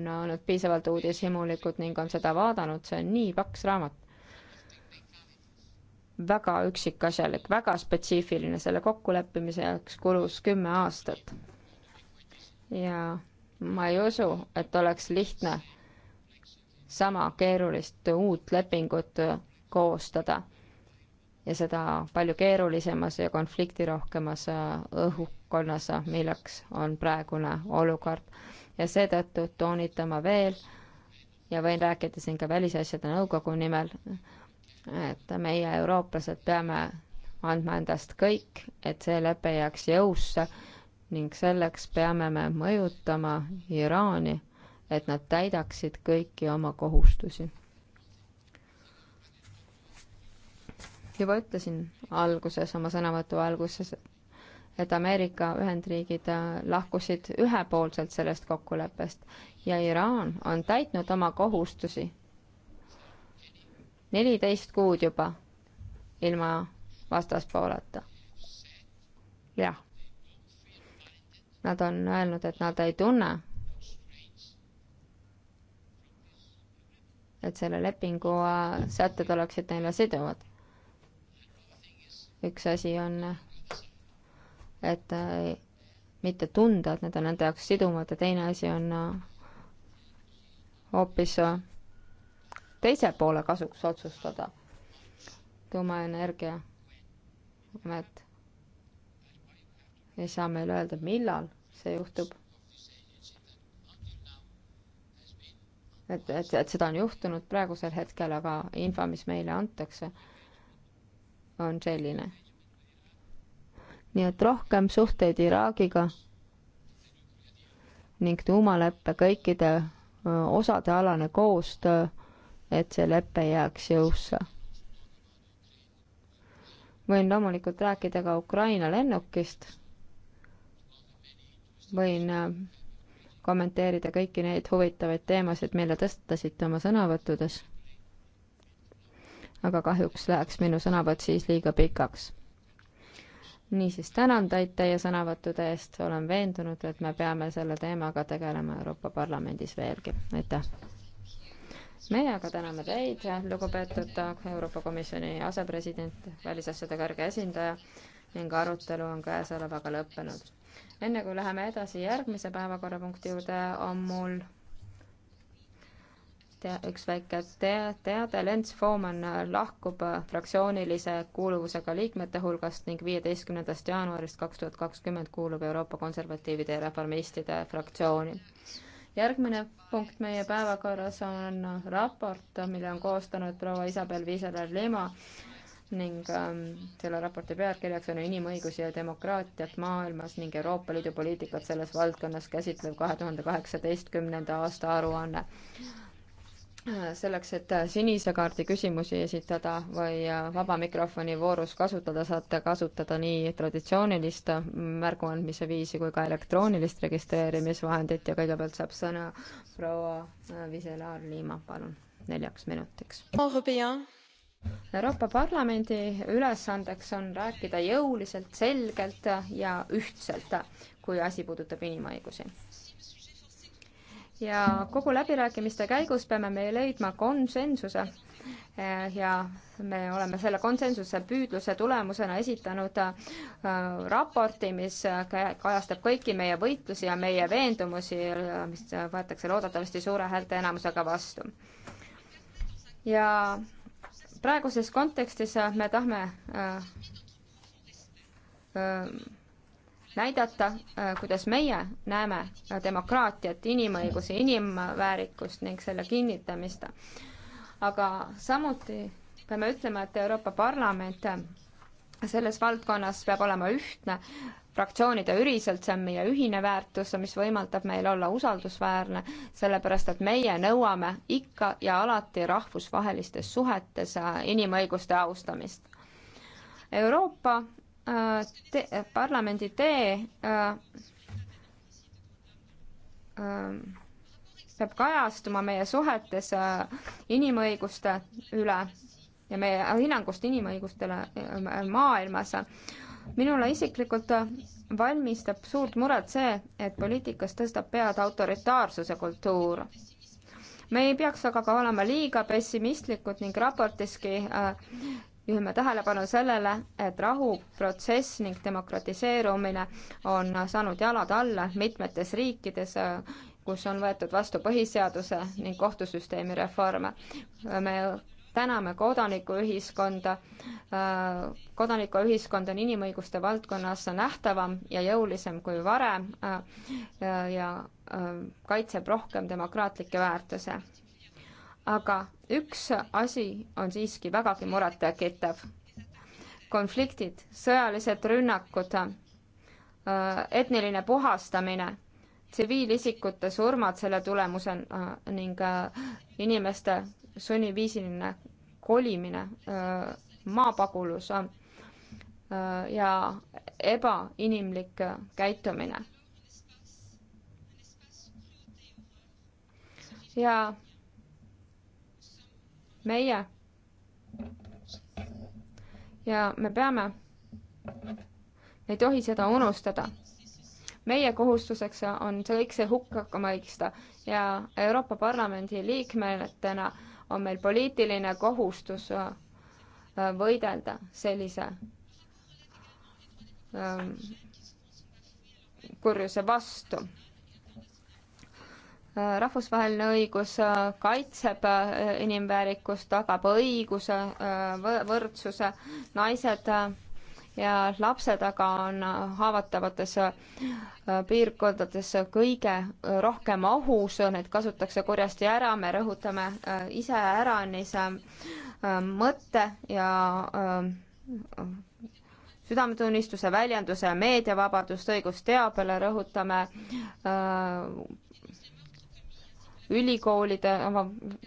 on olnud piisavalt uudishimulikud ning on seda vaadanud, see on nii paks raamat. väga üksikasjalik, väga spetsiifiline, selle kokkuleppimise jaoks kulus kümme aastat. ja ma ei usu, et oleks lihtne sama keerulist uut lepingut koostada ja seda palju keerulisemas ja konfliktirohkemas õhukonnas, milleks on praegune olukord ja seetõttu toonitan ma veel ja võin rääkida siin ka Välisasjade Nõukogu nimel, et meie, eurooplased, peame andma endast kõik, et see lepe jääks jõusse ning selleks peame me mõjutama Iraani, et nad täidaksid kõiki oma kohustusi. juba ütlesin alguses, oma sõnavõtu alguses, et et Ameerika Ühendriigid äh, lahkusid ühepoolselt sellest kokkuleppest ja Iraan on täitnud oma kohustusi neliteist kuud juba ilma vastaspooleta. jah. Nad on öelnud, et nad ei tunne, et selle lepingu äh, sätted oleksid neile siduvad. üks asi on et äh, mitte tunda, et need on nende jaoks sidumad ja teine asi on äh, hoopis äh, teise poole kasuks otsustada. tuumaenergia amet ei saa meile öelda, millal see juhtub. et, et, et seda on juhtunud praegusel hetkel, aga info, mis meile antakse, on selline nii et rohkem suhteid Iraagiga ning tuumaleppe kõikide osade alane koostöö, et see lepe jääks jõusse. võin loomulikult rääkida ka Ukraina lennukist, võin kommenteerida kõiki neid huvitavaid teemasid, mille tõstatasite oma sõnavõttudes. aga kahjuks läheks minu sõnavõtt siis liiga pikaks niisiis tänan teid teie sõnavõttude eest, olen veendunud, et me peame selle teemaga tegelema Euroopa Parlamendis veelgi, aitäh! meie aga täname teid, lugupeetud Euroopa Komisjoni asepresident, välisasjade kõrge esindaja ning arutelu on käesolevaga lõppenud. enne kui läheme edasi järgmise päevakorrapunkti juurde, on mul te-, üks väike te-, teade, Lenz Fooman lahkub fraktsioonilise kuuluvusega liikmete hulgast ning viieteistkümnendast jaanuarist kaks tuhat kakskümmend kuulub Euroopa Konservatiivide ja Reformistide fraktsiooni. järgmine punkt meie päevakorras on raport, mille on koostanud proua Isabel Viiseler-Lima ning ähm, selle raporti pealkirjaks on inimõigusi ja demokraatiat maailmas ning Euroopa Liidu poliitikat selles valdkonnas käsitlev kahe tuhande kaheksateistkümnenda aasta aruanne selleks, et sinise kaardi küsimusi esitada või äh, vaba mikrofoni voorus kasutada, saate kasutada nii traditsioonilist mm, märguandmise viisi kui ka elektroonilist registreerimisvahendit ja kõigepealt saab sõna proua äh, Viselaar-Liima, palun, neljaks minutiks. Euroopa Parlamendi ülesandeks on rääkida jõuliselt, selgelt ja ühtselt, kui asi puudutab inimõigusi ja kogu läbirääkimiste käigus peame me leidma konsensuse eh, ja me oleme selle konsensuse püüdluse tulemusena esitanud eh, raporti, mis kajastab kõiki meie võitlusi ja meie veendumusi, mis võetakse loodetavasti suure häälteenamusega vastu. ja praeguses kontekstis me tahame äh, äh, näidata, äh, kuidas meie näeme äh, demokraatiat, inimõigusi, inimväärikust ning selle kinnitamist. aga samuti peame ütlema, et Euroopa Parlament äh, selles valdkonnas peab olema ühtne, fraktsioonide üriselt, see on meie ühine väärtus, mis võimaldab meil olla usaldusväärne, sellepärast et meie nõuame ikka ja alati rahvusvahelistes suhetes inimõiguste austamist. Euroopa Äh, te, äh, parlamendi tee äh, peab kajastuma meie suhetes inimõiguste üle ja meie hinnangust inimõigustele maailmas. minule isiklikult valmistab suurt muret see, et poliitikas tõstab pead autoritaarsuse kultuur. me ei peaks aga ka olema liiga pessimistlikud ning raportiski äh, juhime tähelepanu sellele, et rahuprotsess ning demokratiseerumine on saanud jalad alla mitmetes riikides, kus on võetud vastu põhiseaduse ning kohtusüsteemi reforme. me täname kodanikuühiskonda, kodanikuühiskond on inimõiguste valdkonnas nähtavam ja jõulisem kui varem ja kaitseb rohkem demokraatlikke väärtusi aga üks asi on siiski vägagi murettekitav. konfliktid, sõjalised rünnakud, äh, etniline puhastamine, tsiviilisikute surmad selle tulemusena äh, ning äh, inimeste sunniviisiline kolimine, maapagulus ja ebainimlik käitumine. ja meie ja me peame, me ei tohi seda unustada. meie kohustuseks on see kõik see hukka mõista ja Euroopa Parlamendi liikmetena on meil poliitiline kohustus äh, võidelda sellise ähm, kurjuse vastu rahvusvaheline õigus äh, kaitseb äh, inimväärikust, tagab õiguse, äh, võrdsuse, naised ja lapsed aga on haavatavates piirkondades kõige rohkem ohus, neid kasutatakse kurjasti ära, me rõhutame iseäranis mõtte ja südametunnistuse väljenduse ja meediavabadust, õigust teabele, rõhutame ülikoolide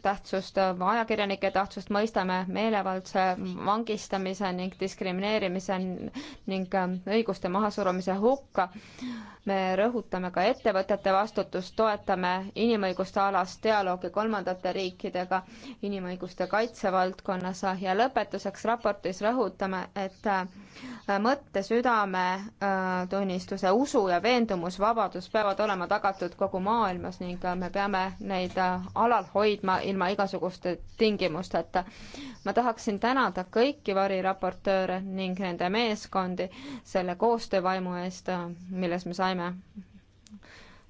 tähtsust, ajakirjanike tähtsust mõistame meelevaldse vangistamise ning diskrimineerimise ning ähm, õiguste mahasurumise hukka. me rõhutame ka ettevõtete vastutust, toetame inimõiguste alast dialoogi kolmandate riikidega inimõiguste kaitse valdkonnas ja lõpetuseks raportis rõhutame, et äh, mõtte, südame, äh, tunnistuse, usu ja veendumusvabadus peavad olema tagatud kogu maailmas ning äh, me peame neid äh, alal hoidma ilma igasuguste tingimusteta. ma tahaksin tänada kõiki variraportööre ning nende meeskondi selle koostöövaimu eest, äh, milles me saime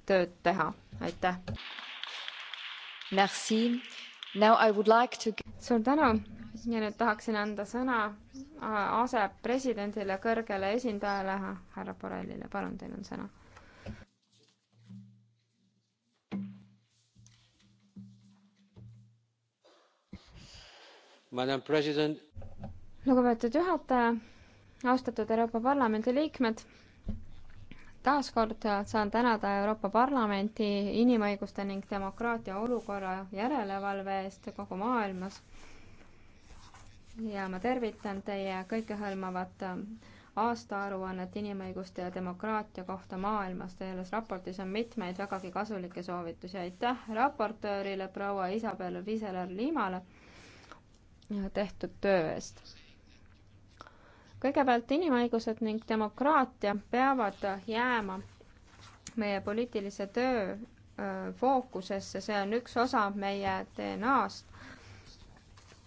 tööd teha, aitäh! Merci, now I would like to suur tänu ja nüüd tahaksin anda sõna äh, asepresidendile, kõrgele esindajale, härra Borrellile, palun, teil on sõna lugupeetud juhataja, austatud Euroopa Parlamendi liikmed, taaskord saan tänada Euroopa Parlamenti inimõiguste ning demokraatia olukorra järelevalve eest kogu maailmas. ja ma tervitan teie kõikehõlmavat aastaaruannet inimõiguste ja demokraatia kohta maailmas. Selles raportis on mitmeid vägagi kasulikke soovitusi. aitäh raportöörile proua Isabel Viseler-Limale tehtud töö eest. kõigepealt inimõigused ning demokraatia peavad jääma meie poliitilise töö fookusesse, see on üks osa meie DNA-st.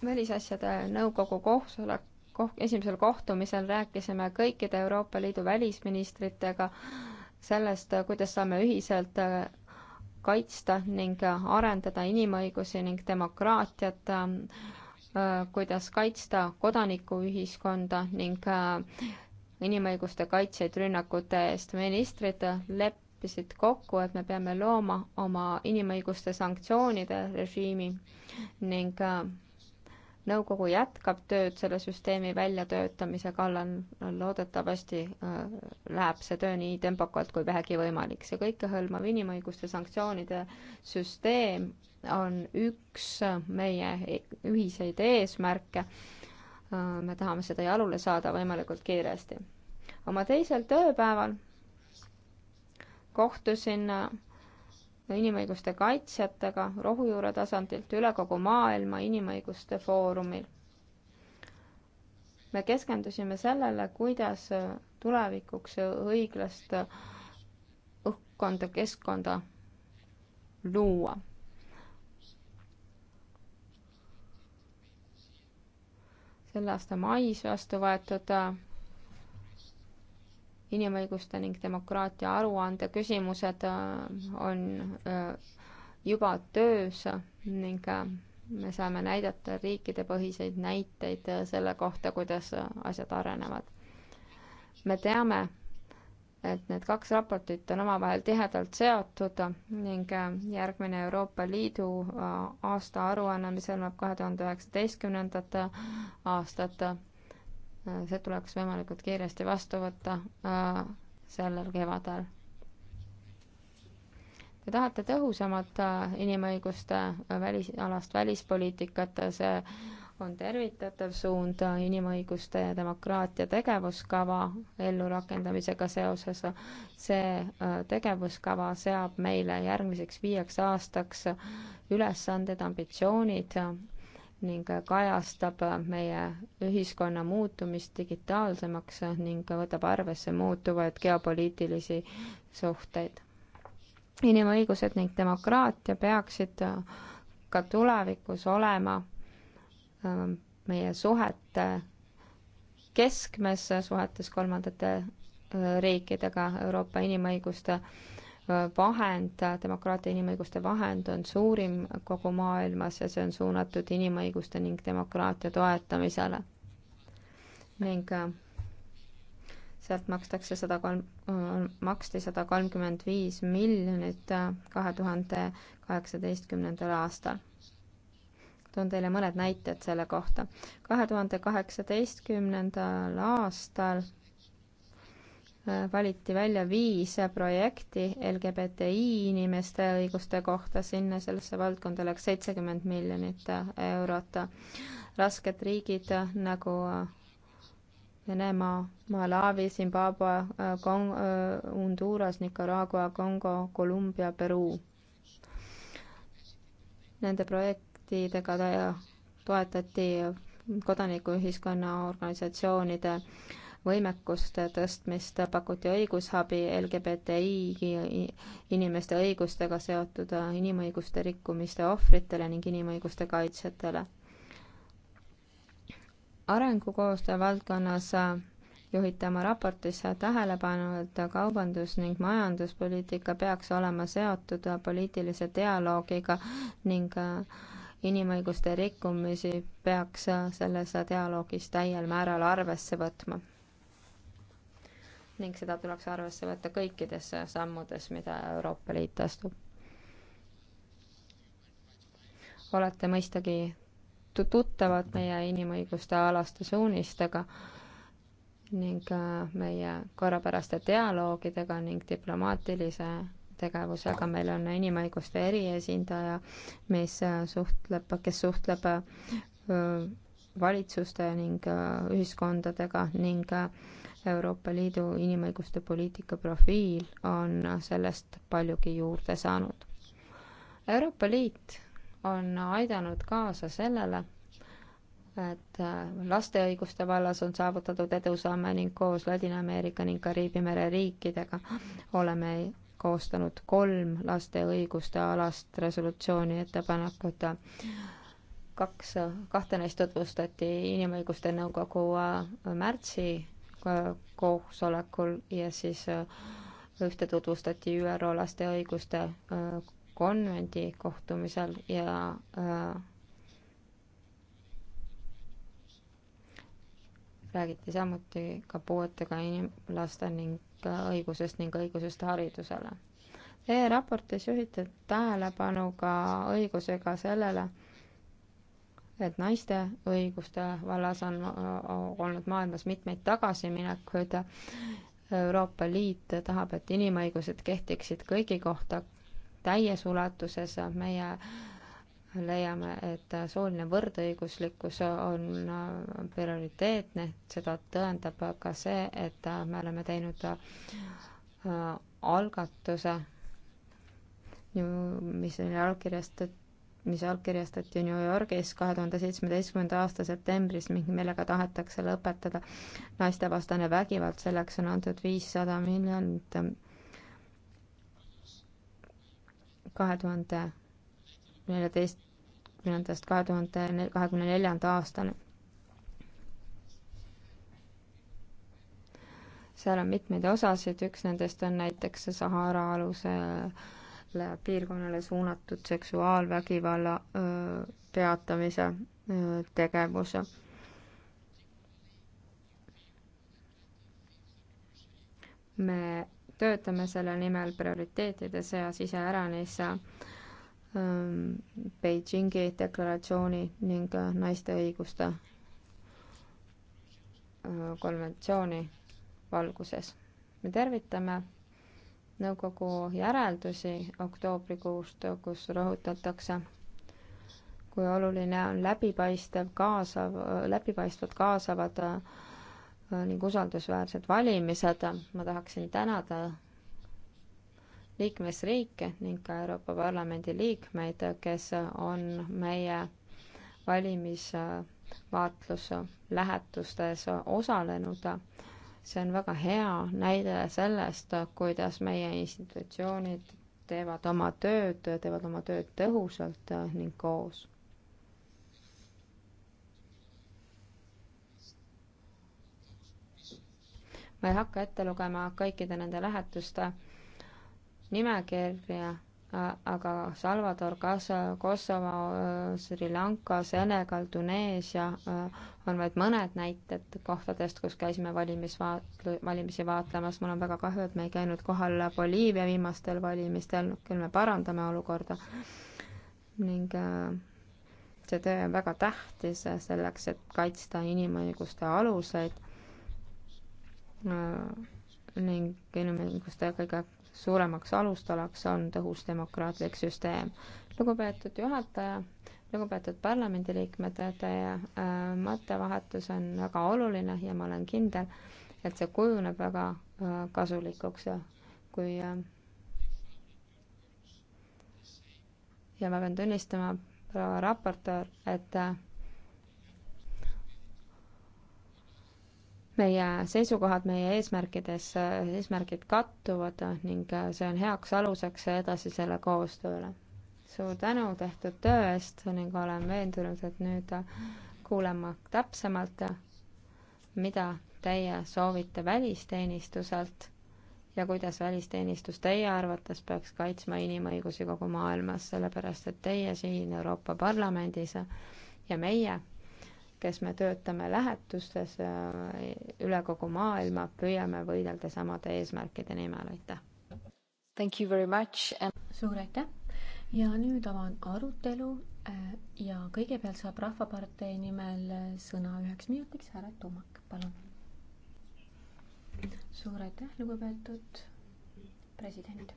välisasjade nõukogu koosolek, koh-, esimesel kohtumisel rääkisime kõikide Euroopa Liidu välisministritega sellest, kuidas saame ühiselt kaitsta ning arendada inimõigusi ning demokraatiat Äh, kuidas kaitsta kodanikuühiskonda ning äh, inimõiguste kaitsjaid rünnakute eest. ministrid leppisid kokku, et me peame looma oma inimõiguste sanktsioonide režiimi ning äh, nõukogu jätkab tööd selle süsteemi väljatöötamise kallal, loodetavasti äh, läheb see töö nii tempokalt kui vähegi võimalik. see kõikehõlmav inimõiguste sanktsioonide süsteem on üks meie ühiseid eesmärke. Äh, me tahame seda jalule saada võimalikult kiiresti. oma teisel tööpäeval kohtusin äh, inimõiguste kaitsjatega rohujuure tasandilt üle kogu maailma inimõiguste foorumil. me keskendusime sellele, kuidas tulevikuks õiglast õhkkonda, keskkonda luua. selle aasta mais vastu võetud inimõiguste ning demokraatia aruande küsimused äh, on äh, juba töös ning äh, me saame näidata riikidepõhiseid näiteid selle kohta, kuidas asjad arenevad. me teame, et need kaks raportit on omavahel tihedalt seotud ning järgmine Euroopa Liidu aastaaruanne, mis hõlmab kahe tuhande üheksateistkümnendat aastat, Äh, see tuleks võimalikult kiiresti vastu võtta äh, sellel kevadel. Te tahate tõhusamat äh, inimõiguste välisalast välispoliitikat, see on tervitatav suund inimõiguste ja demokraatia tegevuskava ellurakendamisega seoses. see tegevuskava seab meile järgmiseks viieks aastaks ülesanded, ambitsioonid ning kajastab meie ühiskonna muutumist digitaalsemaks ning võtab arvesse muutuvaid geopoliitilisi suhteid. inimõigused ning demokraatia peaksid ka tulevikus olema ähm, meie suhete keskmes, suhetes kolmandate äh, riikidega Euroopa inimõiguste vahend, demokraatia inimõiguste vahend on suurim kogu maailmas ja see on suunatud inimõiguste ning demokraatia toetamisele. ning äh, sealt makstakse sada kolm, äh, maksti sada kolmkümmend viis miljonit äh, kahe tuhande kaheksateistkümnendal aastal. toon teile mõned näited selle kohta. kahe tuhande kaheksateistkümnendal aastal Äh, valiti välja viis projekti LGBTI inimeste õiguste kohta, sinna sellesse valdkonda läks seitsekümmend miljonit äh, eurot. rasked riigid äh, nagu Venemaa, Malawi, Zimbabwe, Kong-, Honduras, Nicaragua, Kongo, Kolumbia, Peruu. Nende projektidega toetati kodanikuühiskonna organisatsioonide äh, võimekuste tõstmist, pakuti õigusabi LGBTI inimeste õigustega seotud inimõiguste rikkumiste ohvritele ning inimõiguste kaitsjatele. arengukoostöö valdkonnas juhite oma raportis tähelepanu, et kaubandus- ning majanduspoliitika peaks olema seotud poliitilise dialoogiga ning inimõiguste rikkumisi peaks selles dialoogis täiel määral arvesse võtma ning seda tuleks arvesse võtta kõikides sammudes, mida Euroopa Liit astub. olete mõistagi tuttavad meie inimõiguste alaste suunistega ning äh, meie korrapäraste dialoogidega ning diplomaatilise tegevusega, meil on inimõiguste eriesindaja, mis äh, suhtleb, kes suhtleb äh, valitsuste ning ühiskondadega ning Euroopa Liidu inimõiguste poliitika profiil on sellest paljugi juurde saanud. Euroopa Liit on aidanud kaasa sellele, et äh, laste õiguste vallas on saavutatud edusamme ning koos Ladina-Ameerika ning Kariibi mere riikidega oleme koostanud kolm laste õiguste alast resolutsiooni ettepanekut. kaks, kahte neist tutvustati Inimõiguste Nõukogu äh, märtsi Äh, koosolekul ja siis äh, ühte tutvustati ÜRO laste õiguste äh, konvendi kohtumisel ja räägiti samuti ka puuetega inimlaste ning õigusest ning õigusest haridusele e. Teie raportis juhite tähelepanu ka õigusega sellele, et naiste õiguste vallas on olnud maailmas mitmeid tagasiminekuid. Euroopa Liit tahab, et inimõigused kehtiksid kõigi kohta täies ulatuses, meie leiame, et sooline võrdõiguslikkus on prioriteetne, seda tõendab ka see, et me oleme teinud äh, algatuse, mis oli allkirjastatud mis allkirjastati New Yorgis kahe tuhande seitsmeteistkümnenda aasta septembris ning millega tahetakse lõpetada naistevastane vägivald, selleks on antud viissada miljonit ähm, kahe tuhande neljateistkümnendast kahe tuhande kahekümne neljanda aastani. seal on mitmeid osasid, üks nendest on näiteks Sahara aluse äh, piirkonnale suunatud seksuaalvägivalla peatamise tegevuse. me töötame selle nimel prioriteetide seas iseäranis Beijingi deklaratsiooni ning naiste õiguste konventsiooni valguses. me tervitame nõukogu järeldusi oktoobrikuust, kus rõhutatakse, kui oluline on läbipaistev, kaasav, läbipaistvad, kaasavad äh, ning usaldusväärsed valimised. ma tahaksin tänada liikmesriike ning ka Euroopa Parlamendi liikmeid, kes on meie valimisvaatluse lähetustes osalenud see on väga hea näide sellest, kuidas meie institutsioonid teevad oma tööd, teevad oma tööd tõhusalt ning koos. ma ei hakka ette lugema kõikide nende lähetuste nimekirja, aga Salvador, Kosovo, Sri Lanka, Senegal, Tuneesia on vaid mõned näited kohtadest, kus käisime valimisvaat-, valimisi vaatlemas. mul on väga kahju, et me ei käinud kohal Boliivia viimastel valimistel, küll me parandame olukorda. ning see töö on väga tähtis selleks, et kaitsta inimõiguste aluseid ning inimõiguste kõige suuremaks alustalaks on tõhus demokraatlik süsteem. lugupeetud juhataja, lugupeetud parlamendiliikmed, teie äh, mõttevahetus on väga oluline ja ma olen kindel, et see kujuneb väga äh, kasulikuks, kui äh, ja ma pean tunnistama, proua raportöör, et äh, meie seisukohad, meie eesmärkides, eesmärgid kattuvad ning see on heaks aluseks edasisele koostööle. suur tänu tehtud töö eest ning olen veendunud, et nüüd kuulema täpsemalt, mida teie soovite välisteenistuselt ja kuidas välisteenistus teie arvates peaks kaitsma inimõigusi kogu maailmas, sellepärast et teie siin Euroopa Parlamendis ja meie kes me töötame lähetustes äh, üle kogu maailma, püüame võidelda samade eesmärkide nimel, aitäh! Thank you very much and...! suur aitäh! ja nüüd avan arutelu äh, ja kõigepealt saab Rahvapartei nimel äh, sõna üheks minutiks härra Tuumak, palun! suur aitäh, lugupeetud president!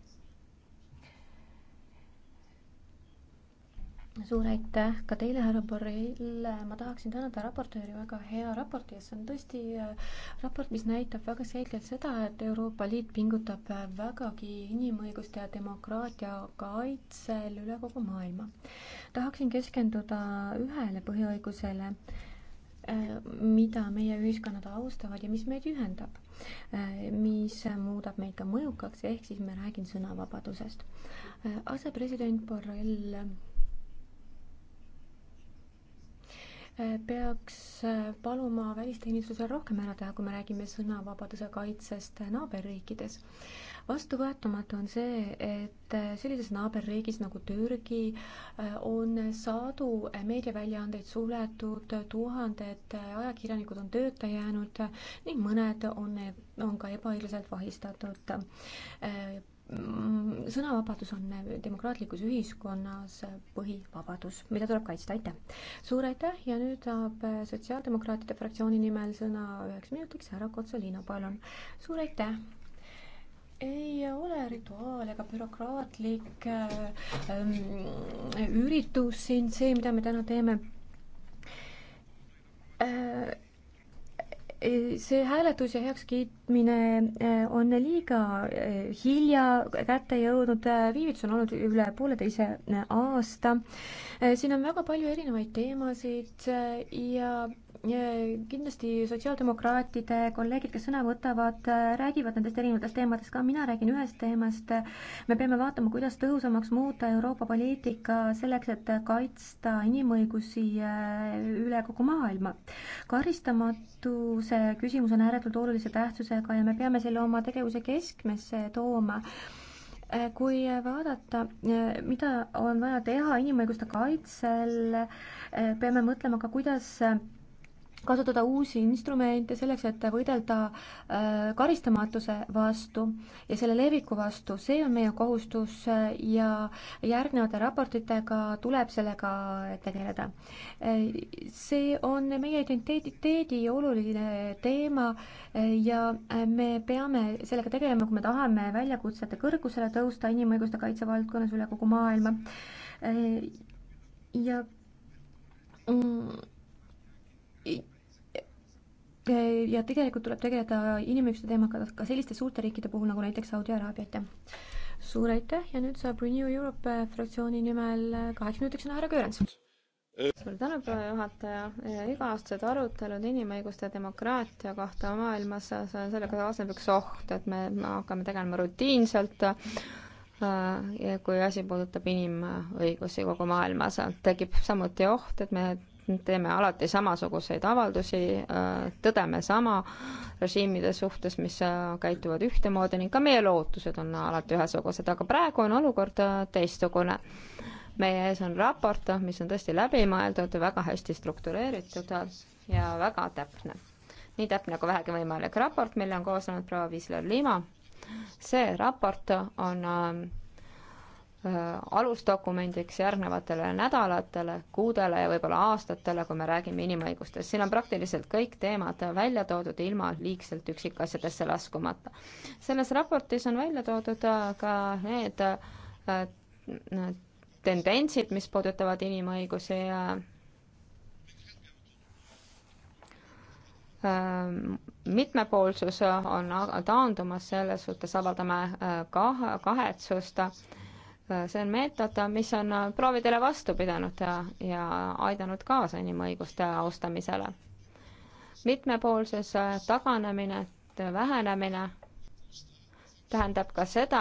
suur aitäh ka teile, härra Borrell, ma tahaksin tänada raportööri väga hea raporti eest, see on tõesti äh, raport, mis näitab väga selgelt seda, et Euroopa Liit pingutab äh, vägagi inimõiguste ja demokraatia kaitsel üle kogu maailma. tahaksin keskenduda ühele põhiõigusele, äh, mida meie ühiskonnad austavad ja mis meid ühendab, mis muudab meid ka mõjukaks, ehk siis ma räägin sõnavabadusest. asepresident Borrell peaks äh, paluma välisteenistusel rohkem ära teha, kui me räägime sõnavabaduse kaitsest naaberriikides. vastuvõetamatu on see, et äh, sellises naaberriigis nagu Türgi äh, on sadu meediaväljaandeid suletud, tuhanded ajakirjanikud on tööta jäänud ning mõned on, on ka ebaõiglaselt vahistatud Mm, sõnavabadus on demokraatlikus ühiskonnas põhivabadus, mida tuleb kaitsta, aitäh. suur aitäh ja nüüd saab Sotsiaaldemokraatide fraktsiooni nimel sõna üheks minutiks härra Kotsolino, palun. suur aitäh ei ole rituaal ega bürokraatlik ähm, üritus siin see, mida me täna teeme äh, see hääletus ja heakskiitmine eh, on liiga eh, hilja kätte jõudnud, viivitus on olnud üle pooleteise eh, aasta. siin on väga palju erinevaid teemasid ja kindlasti sotsiaaldemokraatide kolleegid, kes sõna võtavad, räägivad nendest erinevatest teemadest ka, mina räägin ühest teemast. me peame vaatama, kuidas tõhusamaks muuta Euroopa poliitika selleks, et kaitsta inimõigusi äh, üle kogu maailma. karistamatuse küsimus on ääretult olulise tähtsusega ja me peame selle oma tegevuse keskmesse tooma äh, kui vaadata, äh, mida on vaja teha inimõiguste kaitsel, peame mõtlema ka, kuidas kasutada uusi instrumente selleks, et võidelda äh, karistamatuse vastu ja selle leviku vastu, see on meie kohustus äh, ja järgnevate raportitega tuleb sellega tegeleda. Äh, see on meie identiteedi oluline teema ja me peame sellega tegelema, kui me tahame väljakutsete kõrgusele tõusta inimõiguste kaitse valdkonnas üle kogu maailma. ja mm, Äh, ja tegelikult tuleb tegeleda inimõiguste teemaga ka selliste suurte riikide puhul nagu näiteks Saudi Araabia, aitäh. suur aitäh ja nüüd saab Renew Europe äh, fraktsiooni nimel äh, kaheks minutiks sõna härra Köörens. suur tänu, proua juhataja. iga-aastased arutelud inimõiguste ja demokraatia kohta maailmas, sellega kaasneb üks oht, et me hakkame tegelema rutiinselt ja kui asi puudutab inimõigusi kogu maailmas, tekib samuti oht, et me teeme alati samasuguseid avaldusi, äh, tõdeme sama režiimide suhtes, mis äh, käituvad ühtemoodi ning ka meie lootused on alati ühesugused, aga praegu on olukord äh, teistsugune. meie ees on raport, mis on tõesti läbimõeldud, väga hästi struktureeritud ja väga täpne. nii täpne kui vähegi võimalik. raport, mille on koostanud proua Viisler Liima, see raport on Äh, alusdokumendiks järgnevatele nädalatele, kuudele ja võib-olla aastatele, kui me räägime inimõigustest. siin on praktiliselt kõik teemad välja toodud ilma liigselt üksikasjadesse laskumata. selles raportis on välja toodud äh, ka need, need äh, tendentsid, mis puudutavad inimõigusi ja mitmepoolsus on taandumas, selles suhtes avaldame kah-, kahetsust Äh, see on meetod, mis on äh, proovidele vastu pidanud ja, äh, ja aidanud kaasa inimõiguste austamisele. mitmepoolsus taganemine, vähenemine tähendab ka seda,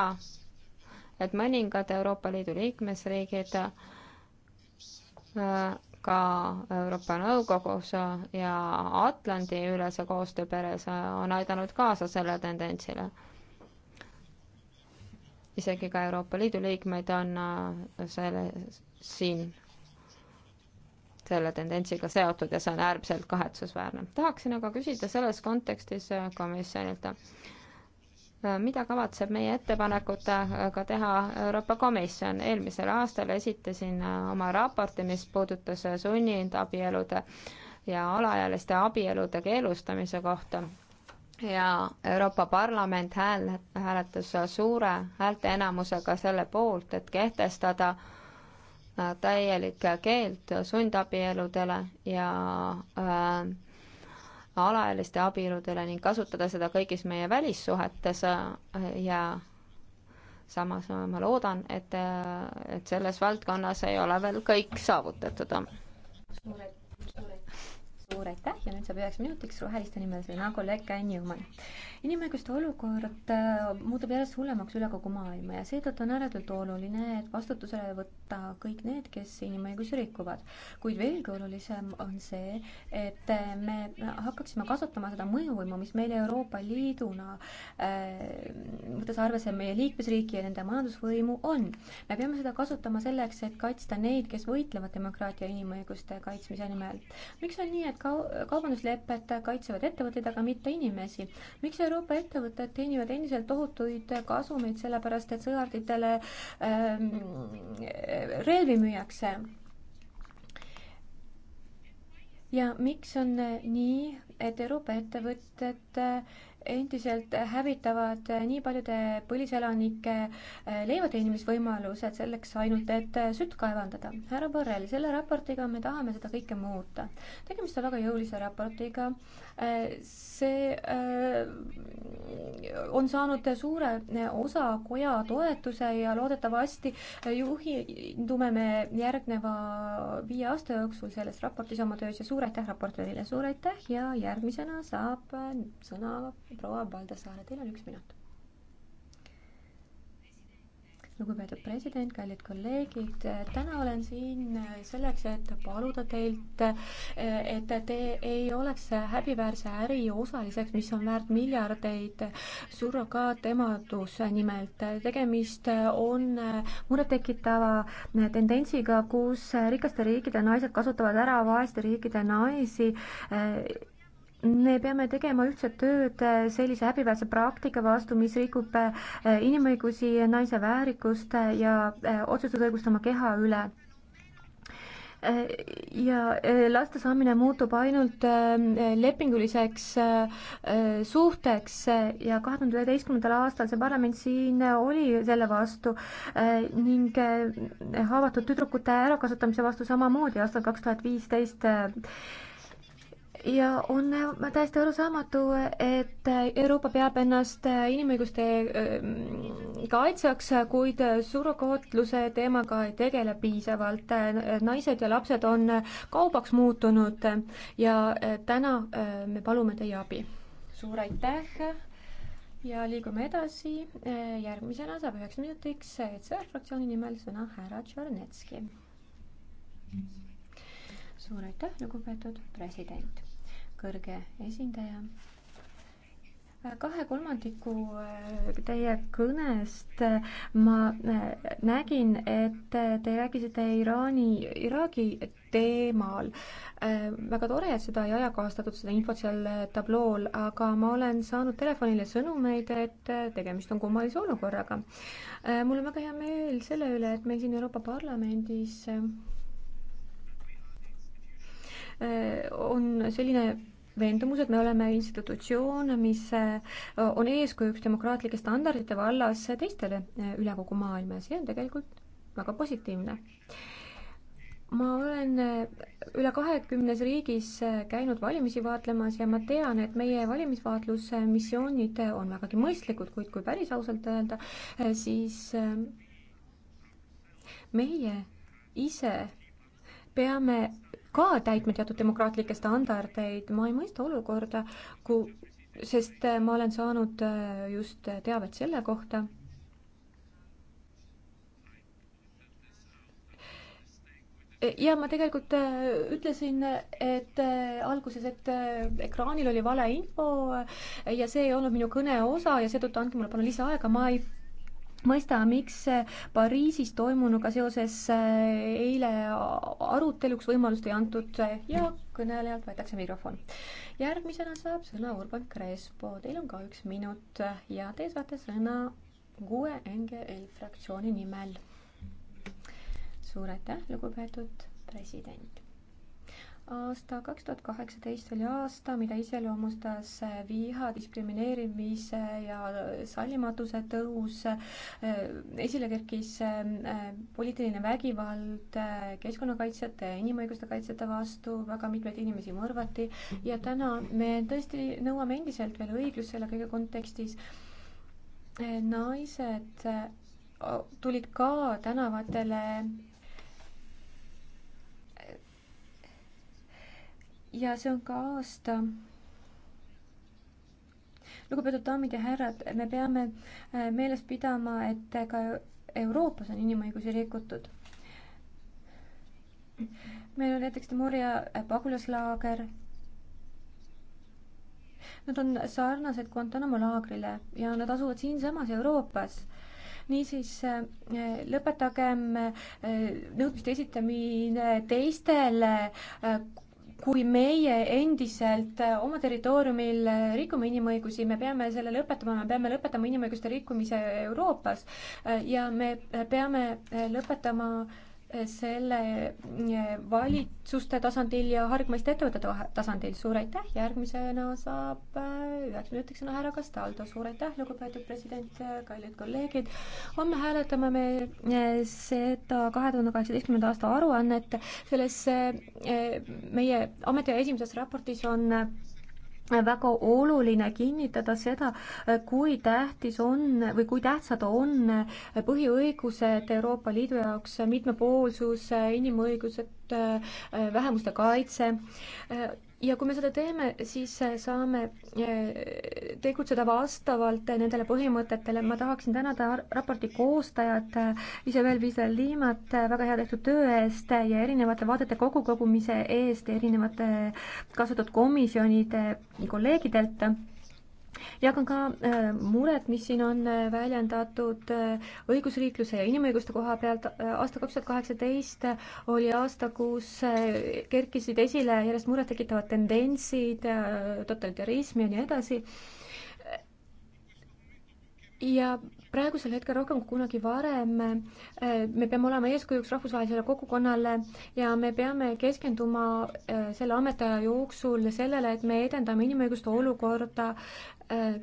et mõningad Euroopa Liidu liikmesriigid ka Euroopa Nõukogus ja Atlandi ülese koostööperes on aidanud kaasa selle tendentsile isegi ka Euroopa Liidu liikmeid on äh, selle, siin selle tendentsiga seotud ja see on äärmiselt kahetsusväärne. tahaksin aga küsida selles kontekstis äh, komisjonilt, äh, mida kavatseb meie ettepanekutega teha Euroopa Komisjon? eelmisel aastal esitasin oma raporti, mis puudutas sunnindabielude ja alaealiste abielude keelustamise kohta ja Euroopa Parlament hääl, hääletas suure häälteenamusega selle poolt, et kehtestada äh, täielik keeld sundabieludele ja äh, alaealiste abieludele ning kasutada seda kõigis meie välissuhetes äh, ja samas ma loodan, et, äh, et selles valdkonnas ei ole veel kõik saavutatud. suur aitäh! suur aitäh ja nüüd saab üheks minutiks roheliste nimel sõna kolleeg Ken Jõumann. inimõiguste olukord äh, muutub järjest hullemaks üle kogu maailma ja seetõttu on ääretult oluline, et vastutusele võtta kõik need, kes inimõigusi rikuvad. kuid veelgi olulisem on see, et äh, me hakkaksime kasutama seda mõjuvõimu, mis meile Euroopa Liiduna äh, võttes arvesse meie liikmesriiki ja nende majandusvõimu on. me peame seda kasutama selleks, et kaitsta neid, kes võitlevad demokraatia ja inimõiguste kaitsmise nimel. miks on nii, et mõned kau-, kaubanduslepped kaitsevad ettevõtteid, aga mitte inimesi. miks Euroopa ettevõtted teenivad endiselt tohutuid kasumeid, sellepärast et sõjarditele ähm, relvi müüakse? ja miks on nii, et Euroopa ettevõtted äh, endiselt hävitavad nii paljude põliselanike eh, leivateenimisvõimalused selleks ainult, et eh, sütt kaevandada. härra Borrell, selle raportiga me tahame seda kõike muuta. tegemist on väga jõulise raportiga. Eh, see on saanud suure osa koja toetuse ja loodetavasti juhindume me järgneva viie aasta jooksul selles raportis oma töös ja suur aitäh raportöörile, suur aitäh ja järgmisena saab sõna proua Baldasaare, teil on üks minut. lugupeetud president, kallid kolleegid, täna olen siin selleks, et paluda teilt, et te ei oleks häbiväärse äri osaliseks, mis on väärt miljardeid, surrogaatemadus nimelt. tegemist on murettekitava tendentsiga, kus rikaste riikide naised kasutavad ära vaeste riikide naisi me peame tegema ühtset tööd äh, sellise häbiväärse praktika vastu, mis rikub äh, inimõigusi, naise väärikust äh, ja otsustusõigust oma keha üle ja laste saamine muutub ainult lepinguliseks suhteks ja kahe tuhande üheteistkümnendal aastal see parlament siin oli selle vastu ning haavatud tüdrukute ärakasutamise vastu samamoodi aastal kaks tuhat viisteist ja on äh, täiesti arusaamatu, et äh, Euroopa peab ennast äh, inimõiguste ähm, kaitsjaks, kuid surrogaatluse teemaga ei tegele piisavalt. naised ja lapsed on kaubaks muutunud ja täna me palume teie abi. suur aitäh ja liigume edasi. järgmisena saab üheks minutiks ECR fraktsiooni nimel sõna härra Tšernetski. suur aitäh, lugupeetud president kõrge esindaja. kahe kolmandiku äh, teie kõnest äh, ma äh, nägin, et te rääkisite Iraani, Iraagi teemal. väga tore, et seda ei ajakohastatud, seda infot seal tablool, aga ma olen saanud telefonile sõnumeid, et tegemist on kummalise olukorraga. mul on väga hea meel selle üle, et meil siin Euroopa Parlamendis Äh, on selline veendumus, et me oleme institutsioon, mis äh, on eeskujuks demokraatlike standardite vallas teistele äh, üle kogu maailma ja see on tegelikult väga positiivne. ma olen üle kahekümnes riigis käinud valimisi vaatlemas ja ma tean, et meie valimisvaatlusmissioonid on vägagi mõistlikud, kuid kui päris ausalt öelda, siis meie ise peame ka täitma teatud demokraatlikke standardeid, ma ei mõista olukorda, kui, sest äh, ma olen saanud äh, just äh, teavet selle kohta, ja ma tegelikult ütlesin, et alguses, et ekraanil oli valeinfo ja see ei olnud minu kõne osa ja seetõttu andke mulle palun lisaaega, ma ei mõista, miks Pariisis toimunuga seoses äh, eile aruteluks võimalust ei antud äh, ja kõnelejalt võetakse mikrofon. järgmisena saab sõna Urban Crespo, teil on ka üks minut äh, ja te saate sõna kuue NGL fraktsiooni nimel. suur aitäh, lugupeetud president aasta kaks tuhat kaheksateist oli aasta, mida iseloomustas viha, diskrimineerimise ja sallimatuse tõus. esile kerkis äh, poliitiline vägivald äh, keskkonnakaitsjate ja inimõiguste kaitsjate vastu, väga mitmeid inimesi mõrvati ja täna me tõesti nõuame endiselt veel õiglust selle kõige kontekstis. Äh, naised tulid ka tänavatele ja see on ka aasta, lugupeetud daamid ja härrad, me peame äh, meeles pidama, et ka Euroopas on inimõigusi rikutud. meil on näiteks Temuria äh, pagulaslaager. Nad on sarnased Guantanamo laagrile ja nad asuvad siinsamas Euroopas niisiis äh, lõpetagem nõudmiste esitamine teistele kui meie endiselt äh, oma territooriumil äh, rikume inimõigusi, me peame selle lõpetama, me peame lõpetama inimõiguste rikkumise Euroopas äh, ja me peame lõpetama äh, selle eh, valitsuste tasandil ja hargmaiste ettevõtete tasandil. suur aitäh, järgmisena saab eh, üheks minutiks sõna härra Castaldo, suur aitäh, lugupeetud president, eh, kallid kolleegid. homme hääletame me seda kahe tuhande kaheksateistkümnenda aasta aruannet. selles meie ametiaja esimeses raportis on väga oluline kinnitada seda, kui tähtis on või kui tähtsad on põhiõigused Euroopa Liidu jaoks, mitmepoolsus, inimõigused, vähemuste kaitse ja kui me seda teeme, siis äh, saame äh, tegutseda vastavalt äh, nendele põhimõtetele. ma tahaksin tänada raporti koostajat Isabel Viisel-Liimat väga hea tehtud töö eest ja erinevate vaadete kokkukogumise eest erinevate kaasatud komisjonide kolleegidelt jagan ka äh, muret, mis siin on äh, väljendatud äh, õigusriikluse ja inimõiguste koha pealt. Äh, aasta kaks tuhat kaheksateist oli aasta, kus äh, kerkisid esile järjest murettekitavad tendentsid, äh, totalitarism ja nii edasi ja praegusel hetkel rohkem kui kunagi varem äh, me peame olema eeskujuks rahvusvahelisele kogukonnale ja me peame keskenduma äh, selle ametiaja jooksul sellele, et me edendame inimõiguste olukorda äh,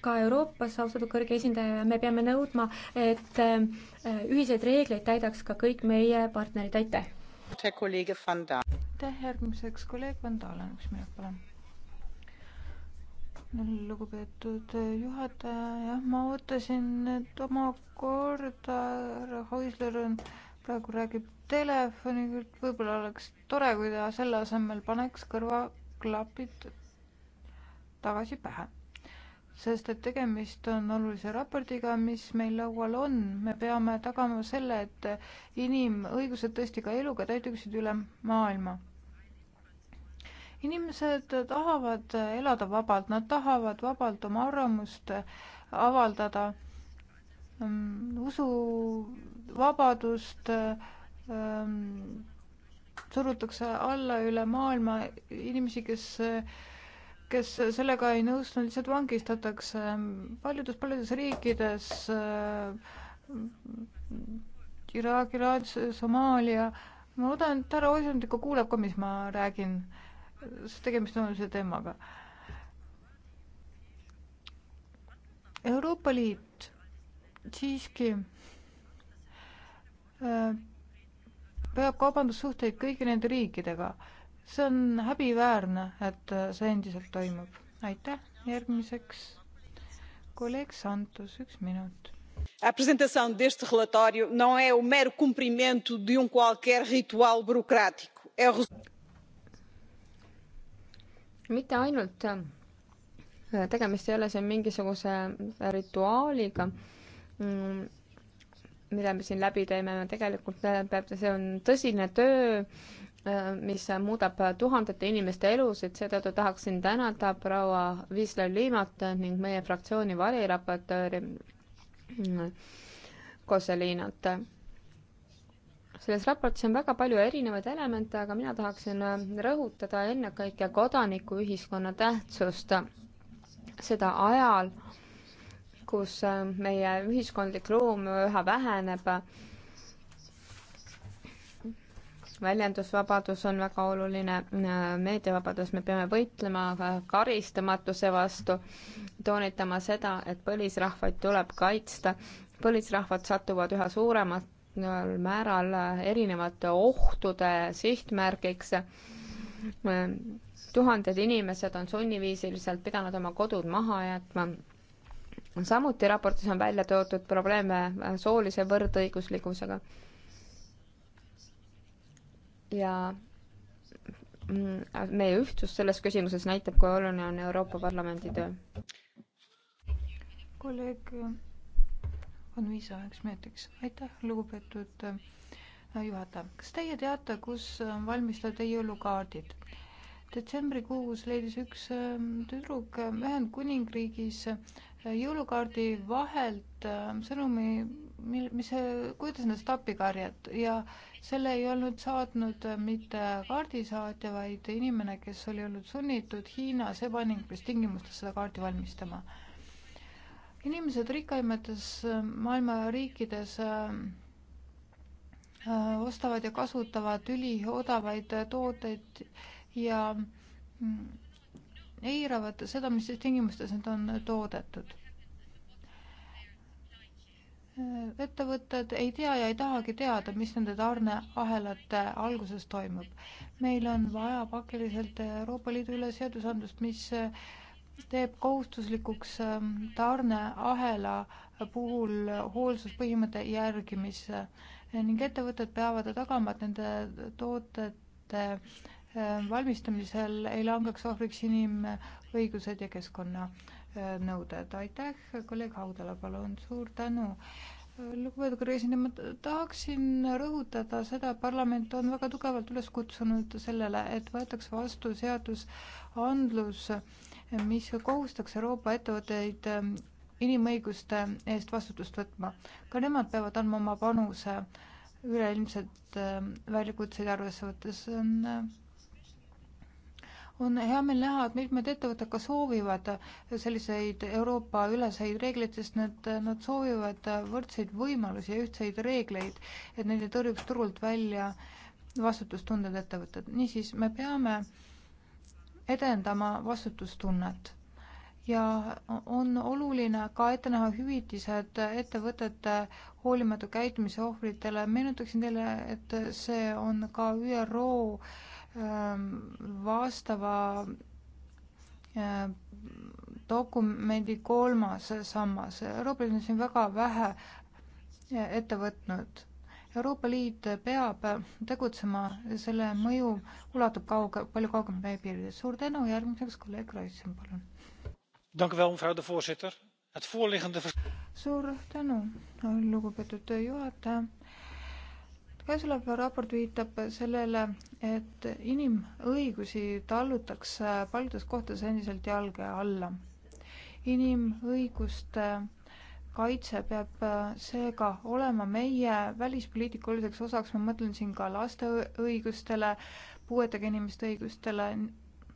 ka Euroopas, austatud kõrge esindaja, ja me peame nõudma, et ühiseid reegleid täidaks ka kõik meie partnerid, aitäh! aitäh, järgmiseks kolleeg Van Dalen, üks minut, palun lugupeetud juhataja, jah, ma ootasin, et omakorda härra Häusler on, praegu räägib telefoni, võib-olla oleks tore, kui ta selle asemel paneks kõrvaklapid tagasi pähe. sest et tegemist on olulise raportiga, mis meil laual on, me peame tagama selle, et inimõigused tõesti ka eluga täiduksid üle maailma inimesed tahavad elada vabalt, nad tahavad vabalt oma arvamust avaldada, mm, usuvabadust mm, surutakse alla üle maailma, inimesi, kes kes sellega ei nõustunud, lihtsalt vangistatakse paljudes, paljudes riikides äh,, mm, Iraak, Iraan, Somaalia, ma loodan, et härra Oisand ikka kuuleb ka, mis ma räägin sest tegemist on olulise teemaga. Euroopa Liit siiski äh, peab kaubandussuhteid kõigi nende riikidega. see on häbiväärne, et äh, see endiselt toimub. aitäh, järgmiseks kolleeg Santos, üks minut a apresentação deste relatório não é o mero cumprimento de um qualquer ritual burocrático é o mitte ainult äh, tegemist ei ole siin mingisuguse rituaaliga, mm, mida me siin läbi teeme, tegelikult äh, peab, see on tõsine töö, äh, mis muudab tuhandete inimeste elusid, seetõttu tahaksin tänada proua Wisler Liimat ning meie fraktsiooni variraportööri mm, Koseliinat selles raportis on väga palju erinevaid elemente, aga mina tahaksin äh, rõhutada ennekõike kodanikuühiskonna tähtsust. seda ajal, kus äh, meie ühiskondlik loom üha väheneb. väljendusvabadus on väga oluline, äh, meediavabadus, me peame võitlema karistamatuse vastu, toonitama seda, et põlisrahvaid tuleb kaitsta, põlisrahvad satuvad üha suuremat määral erinevate ohtude sihtmärgiks. tuhanded inimesed on sunniviisiliselt pidanud oma kodud maha jätma. samuti raportis on välja toodud probleeme soolise võrdõiguslikkusega. ja meie ühtsus selles küsimuses näitab, kui oluline on Euroopa Parlamendi töö. kolleeg on viis üheks minutiks. aitäh, lugupeetud äh, juhataja. kas teie teate, kus on äh, valmistatud jõulukaardid? detsembrikuus leidis üks ähm, tüdruk äh, Ühendkuningriigis jõulukaardi vahelt sõnumi, mil, mis kujutas endast appikarjet ja selle ei olnud saatnud mitte kaardisaatja, vaid inimene, kes oli olnud sunnitud Hiinas ebainimlikes tingimustes seda kaarti valmistama inimesed rikkaimates äh, maailma riikides äh, äh, ostavad ja kasutavad üliodavaid tooteid ja mm, eiravad seda, mis tingimustes need on toodetud. ettevõtted ei tea ja ei tahagi teada, mis nende tarneahelate alguses toimub. meil on vaja pakiliselt Euroopa Liidu üle seadusandlust, mis teeb kohustuslikuks ähm, tarneahela puhul hoolsuspõhimõtte järgimise ning ettevõtted peavad tagama, et nende toodete ähm, valmistamisel ei langeks ohvriks inimõigused ja keskkonnanõuded. Äh, aitäh, kolleeg Haudala, palun, suur tänu. lugupeetud kolleegid, ma tahaksin rõhutada seda, et parlament on väga tugevalt üles kutsunud sellele, et võetakse vastu seadusandlus, mis kohustaks Euroopa ettevõtteid ähm, inimõiguste eest vastutust võtma. ka nemad peavad andma oma panuse üleilmselt ähm, väljakutseid arvesse võttes. on, äh, on hea meel näha, et mitmed ettevõtted ka soovivad selliseid Euroopa üleseid reegleid, sest need, nad soovivad võrdseid võimalusi ja ühtseid reegleid, et neid ei tõrjuks turult välja vastutustunded ettevõtted. niisiis, me peame äh, edendama vastutustunnet ja on oluline ka ette näha hüvitised ettevõtete hoolimatu käitumise ohvritele. meenutaksin teile, et see on ka ÜRO ähm, vastava ähm, dokumendi kolmas sammas. Euroopa Liit on siin väga vähe äh, ette võtnud Euroopa Liit peab tegutsema, selle mõju ulatub kauge, palju kaugemale meie piiridest. suur tänu, järgmiseks kolleeg Raisson, palun. suur tänu, lugupeetud juhataja käesolev raport viitab sellele, et inimõigusi tallutakse paljudes kohtades endiselt jalge alla. inimõiguste kaitse peab äh, seega olema meie välispoliitika oluliseks osaks, ma mõtlen siin ka laste õigustele, puuetega inimeste õigustele,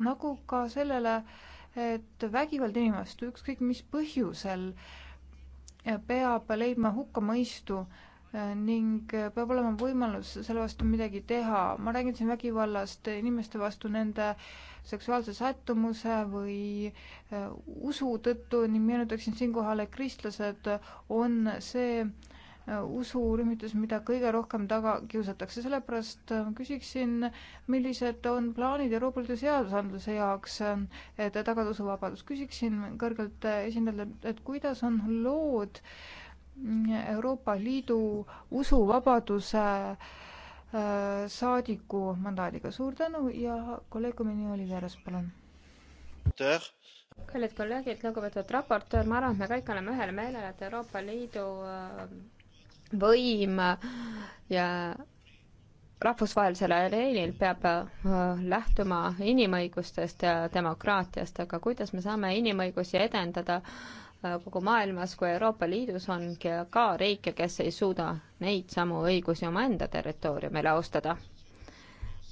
nagu ka sellele, et vägivald inimeste, ükskõik mis põhjusel, äh, peab leidma hukkamõistu äh, ning peab olema võimalus selle vastu midagi teha. ma räägin siin vägivallast inimeste vastu nende seksuaalse sättumuse või äh, usu tõttu ning meenutaksin siinkohal, et kristlased on see äh, usurühmitus, mida kõige rohkem taga kiusatakse. sellepärast äh, küsiksin, millised on plaanid Euroopa Liidu seadusandluse jaoks, et tagada usuvabadus. küsiksin kõrgelt esindajalt, et kuidas on lood äh, Euroopa Liidu usuvabaduse äh, saadiku mandaadiga. suur tänu ja kolleeg Komini Oliveras, palun. kallid kolleegid, lugupeetud raportöör, ma arvan, et me kõik oleme ühel meelel, et Euroopa Liidu äh, võim äh, ja rahvusvahelisel areenil peab lähtuma inimõigustest ja demokraatiast, aga kuidas me saame inimõigusi edendada äh, Äh, kogu maailmas kui Euroopa Liidus on ka riike, kes ei suuda neid samu õigusi omaenda territooriumil austada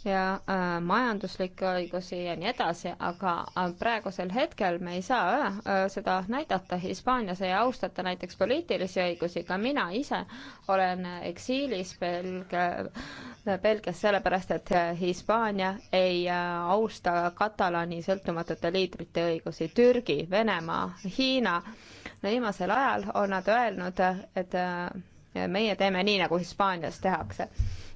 ja äh, majanduslikke õigusi ja nii edasi, aga äh, praegusel hetkel me ei saa äh, seda näidata, Hispaanias ei austata näiteks poliitilisi õigusi, ka mina ise olen eksiilis Belgia, Belgias sellepärast, et äh, Hispaania ei äh, austa Katalaani sõltumatute liidrite õigusi, Türgi, Venemaa, Hiina, no viimasel ajal on nad öelnud, et äh, meie teeme nii, nagu Hispaanias tehakse.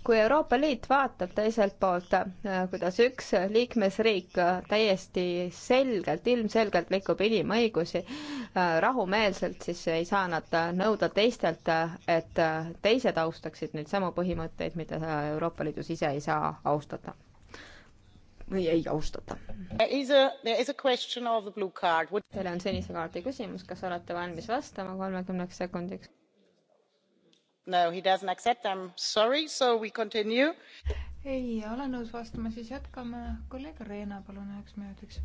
kui Euroopa Liit vaatab teiselt poolt, äh, kuidas üks liikmesriik äh, täiesti selgelt, ilmselgelt rikub inimõigusi äh, rahumeelselt, siis ei saa nad nõuda teistelt, et teised austaksid neid samu põhimõtteid, mida Euroopa Liidus ise ei saa austada või ei austata. Would... Teil on sinise kaardi küsimus, kas olete valmis vastama kolmekümneks sekundiks? No, he doesn't accept, I am sorry, so we continue. ei ole nõus vastama, siis jätkame. kolleeg Reena, palun üheks minutiks.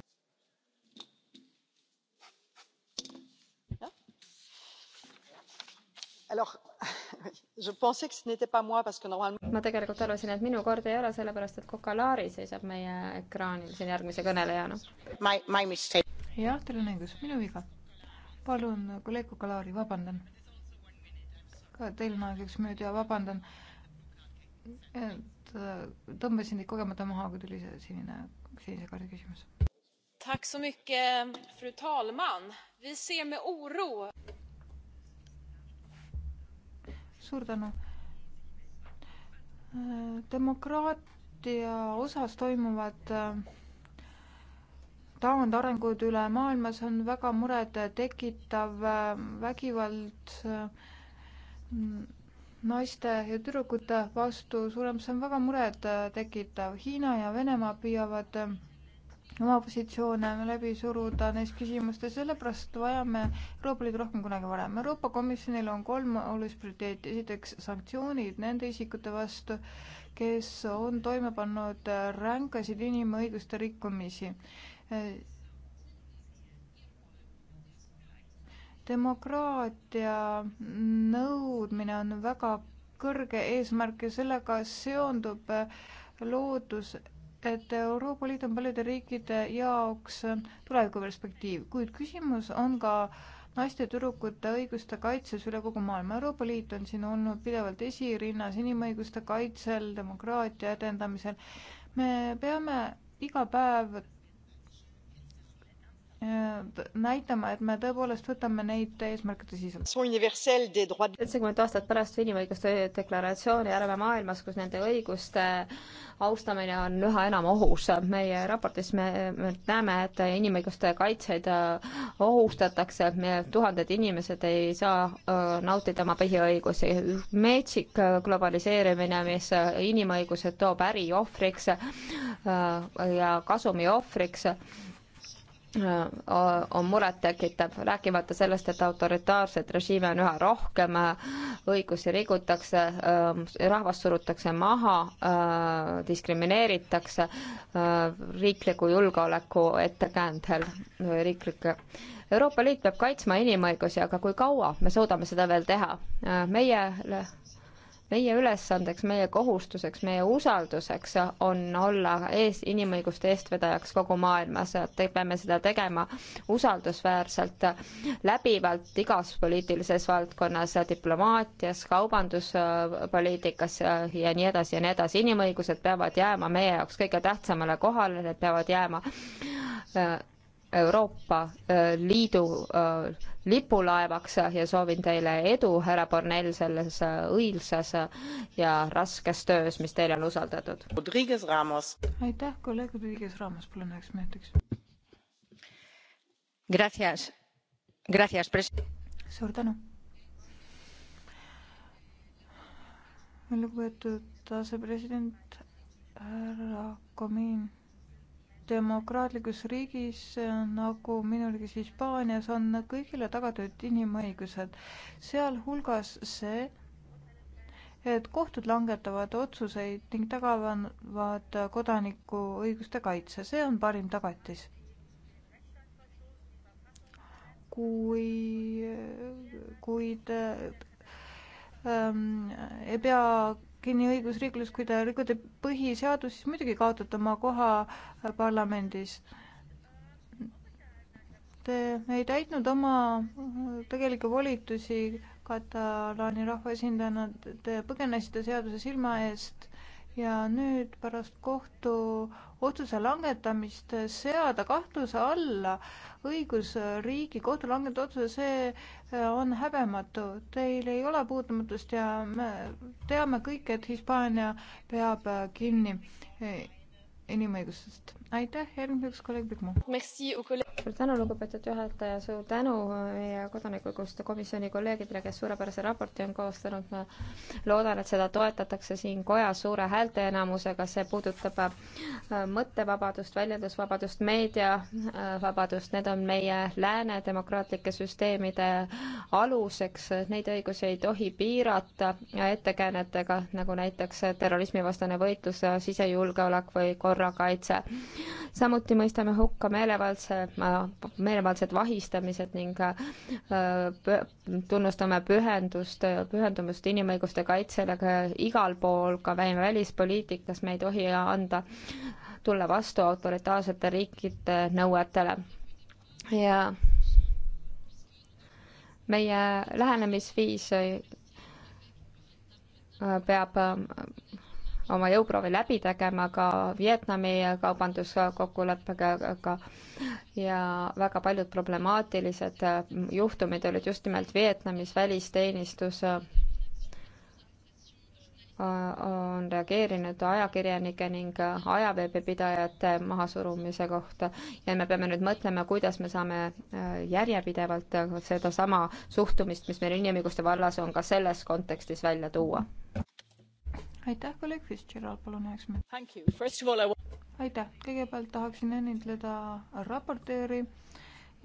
Alors, je pensais que ce n'était pas moi parce que normalement. ma tegelikult arvasin, et minu kord ei ole, sellepärast et Coca-Cola seisab meie ekraanil siin järgmise kõnelejana. My, my mistake. jah, teil on õigus, minu viga. palun, kolleeg Coca-Cola, vabandan teil on ainult üks minut ja vabandan, et äh, tõmbasin teid kogemata maha, kui tuli see sinine, sinise kaardi küsimus. Tack så mycket, fru talman. Vi ser med oro. suur tänu. Äh, demokraatia osas toimuvad äh, taandarengud üle maailmas on väga murettekitav vägivald äh, naiste ja tüdrukute vastu suurem, see on väga muret tekitav. Hiina ja Venemaa püüavad äh, oma positsioone läbi suruda neis küsimustes, sellepärast vajame Euroopa Liidu rohkem kunagi varem. Euroopa Komisjonil on kolm olulist prioriteeti, esiteks sanktsioonid nende isikute vastu, kes on toime pannud äh, ränkasid inimõiguste rikkumisi äh, demokraatia nõudmine on väga kõrge eesmärk ja sellega seondub äh, lootus, et Euroopa Liit on paljude riikide jaoks äh, tulevikuperspektiiv, kuid küsimus on ka naiste ja tüdrukute õiguste kaitses üle kogu maailma. Euroopa Liit on siin olnud pidevalt esirinnas inimõiguste kaitsel, demokraatia edendamisel. me peame iga päev Äh, näitama, et me tõepoolest võtame neid eesmärke tõsiselt. seitsekümmend aastat pärast inimõiguste deklaratsiooni elame maailmas, kus nende õiguste austamine on üha enam ohus. meie raportis me, me näeme, et inimõiguste kaitseid äh, ohustatakse, tuhanded inimesed ei saa äh, nautida oma põhiõigusi. metsik globaliseerimine, mis inimõigused toob äri ohvriks ja kasumi ohvriks Äh, on murettekitav, rääkimata sellest, et autoritaarseid režiime on üha rohkem, äh, õigusi rikutakse, äh, rahvast surutakse maha, diskrimineeritakse riikliku julgeoleku ettekäändel, riiklik Euroopa Liit peab kaitsma inimõigusi, aga kui kaua me suudame seda veel teha? meie meie ülesandeks, meie kohustuseks, meie usalduseks on olla ees, inimõiguste eestvedajaks kogu maailmas, et peame seda tegema usaldusväärselt, läbivalt igas poliitilises valdkonnas, diplomaatias, kaubanduspoliitikas ja nii edasi ja nii edasi, inimõigused peavad jääma meie jaoks kõige tähtsamale kohale, need peavad jääma Euroopa äh, Liidu äh, lipulaevaks ja soovin teile edu, härra Bornell, selles äh, õilsas ja raskes töös, mis teile on usaldatud. aitäh, kolleeg Rodriguez Ramos, palun üheks minutiks. Gracias, gracias, pres-. suur tänu. lugupeetud asepresident härra Komin demokraatlikus riigis äh, nagu minu riigis Hispaanias on kõigile tagatud inimõigused, sealhulgas see, et kohtud langetavad otsuseid ning tagavad kodaniku õiguste kaitse, see on parim tagatis. kui, äh, kuid äh, ähm, ei pea kinni õigusriiklust, kui te rikute põhiseadust, siis muidugi kaotate oma koha parlamendis. Te ei täitnud oma tegelikke volitusi katalaani rahvaesindajana, te põgenesite seaduse silma eest ja nüüd pärast kohtu otsuse langetamist seada kahtluse alla õigusriigi kohtu langetatud otsuse, see on häbematu, teil ei ole puutumatust ja me teame kõik, et Hispaania peab kinni inimõigustest. aitäh, järgmiseks kolleeg Pikmo. suur tänu, lugupeetud juhataja, suur tänu äh, meie kodanikuõiguste komisjoni kolleegidele, kes suurepärase raporti on koostanud. ma loodan, et seda toetatakse siin kojas suure häälteenamusega, see puudutab äh, mõttevabadust, väljendusvabadust, meediavabadust, äh, need on meie lääne demokraatlike süsteemide aluseks, neid õigusi ei tohi piirata ettekäänetega, nagu näiteks terrorismivastane võitlus, sisejulgeolek või korruptsioon korrakaitse. samuti mõistame hukka meelevaldse, meelevaldsed vahistamised ning äh, tunnustame pühendust, pühendumust inimõiguste kaitsele ka igal pool, ka meie välispoliitikas, me ei tohi anda, tulla vastu autoritaarsete riikide nõuetele. ja meie lähenemisviis äh, peab oma jõuproovi läbi tegema ka Vietnami kaubanduskokkuleppega, aga ja väga paljud problemaatilised äh, juhtumid olid just nimelt Vietnamis, välisteenistus äh, on reageerinud ajakirjanike ning äh, ajaveebipidajate mahasurumise kohta ja me peame nüüd mõtlema, kuidas me saame järjepidevalt sedasama suhtumist, mis meil inimõiguste vallas on, ka selles kontekstis välja tuua aitäh, kolleeg Fitzgerald, palun üheks minutiks. aitäh, kõigepealt tahaksin õnnitleda raportööri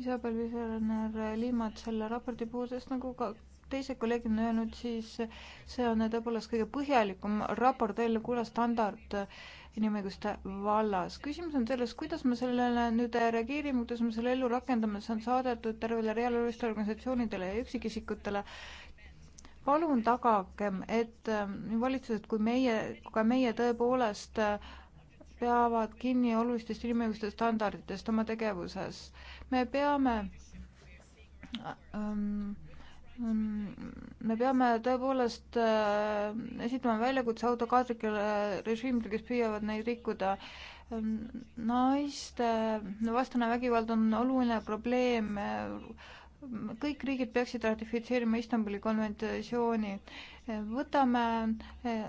Isabel Viserner Liimat selle raporti puhul, sest nagu ka teised kolleegid on öelnud, siis see on tõepoolest kõige põhjalikum raport välja kuula standard inimõiguste vallas. küsimus on selles, kuidas me sellele nüüd reageerime, kuidas me selle ellu rakendame, see on saadetud tervele reale olulistele organisatsioonidele ja üksikisikutele palun tagagem, et ähm, nii valitsused kui meie, ka meie tõepoolest äh, peavad kinni olulistest inimõiguste standarditest oma tegevuses. me peame ähm, ähm me peame tõepoolest äh, esitama väljakutse autokraatlikele režiimidele, kes püüavad neid rikkuda ähm,. naiste vastane vägivald on oluline probleem äh, kõik riigid peaksid ratifitseerima Istanbuli konventsiooni. võtame eh,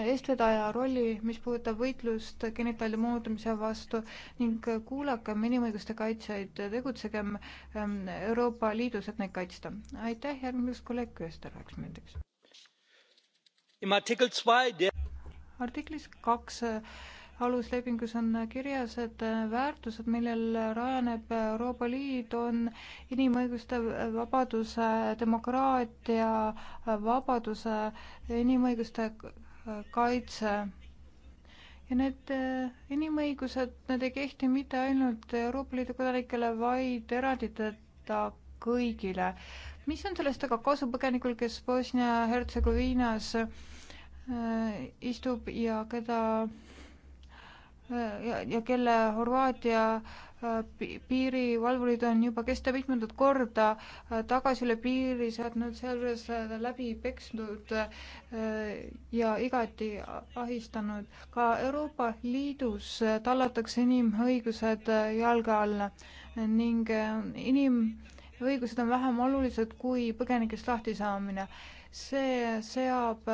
eestvedaja rolli, mis puudutab võitlust genitaalide moonutamise vastu ning kuulakem inimõiguste kaitsjaid, tegutsegem eh, Euroopa Liidus, et neid kaitsta. aitäh, järgmiseks kolleeg Köster üheks minutiks. artiklis kaks 2 eh, aluslepingus on kirjas, et väärtused, millel rajaneb Euroopa Liit, on inimõiguste, vabaduse, demokraatia, vabaduse, inimõiguste kaitse. ja need äh, inimõigused, need ei kehti mitte ainult Euroopa Liidu kodanikele, vaid eranditeta kõigile. mis on sellest aga kasu põgenikul, kes Bosnia-Hertsegoviinas äh, istub ja keda Äh, ja, ja kelle Horvaatia äh, piirivalvurid on juba kesta mitmendat korda äh, tagasi üle piiri saatnud, sealjuures läbi peksnud ja igati ahistanud. ka Euroopa Liidus tallatakse inimõigused jalge alla ning inimõigused on vähem olulised kui põgenikest lahtisaamine. see seab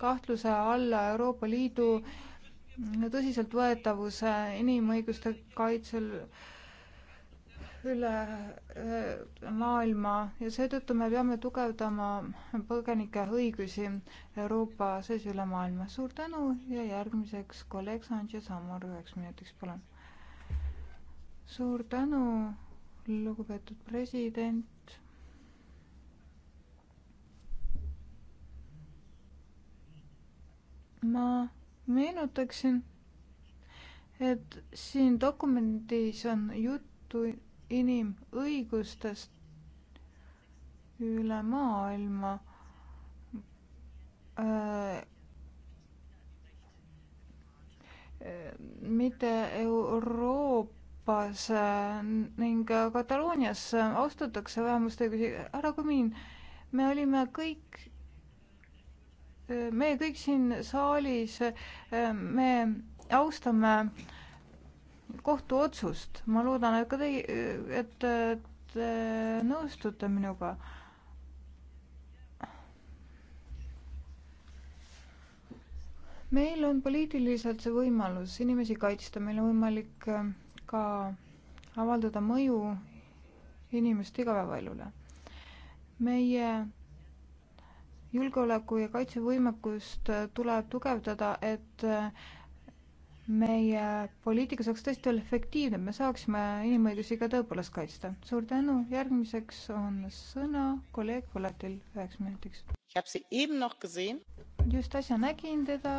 kahtluse alla Euroopa Liidu äh, tõsiseltvõetavuse inimõiguste kaitsel üle maailma ja seetõttu me peame tugevdama põgenike õigusi Euroopa sees üle maailma. suur tänu ja järgmiseks kolleeg Sanchez Amor üheks minutiks, palun. suur tänu, lugupeetud president. ma meenutaksin, et siin dokumendis on juttu inimõigustest üle maailma äh, mitte Euroopas äh, ning Kataloonias äh, austatakse vähemuste õigusi. härra Komin, me olime kõik me kõik siin saalis, eh, me austame kohtuotsust, ma loodan, et ka teie, et te eh, nõustute minuga. meil on poliitiliselt see võimalus inimesi kaitsta, meil on võimalik eh, ka avaldada mõju inimeste igapäevaelule. meie julgeoleku ja kaitsevõimekust äh, tuleb tugevdada, et äh, meie poliitika saaks tõesti olla efektiivne, me saaksime inimõigusi ka tõepoolest kaitsta. suur tänu, järgmiseks on sõna kolleeg Volatil üheks minutiks. just äsja nägin teda.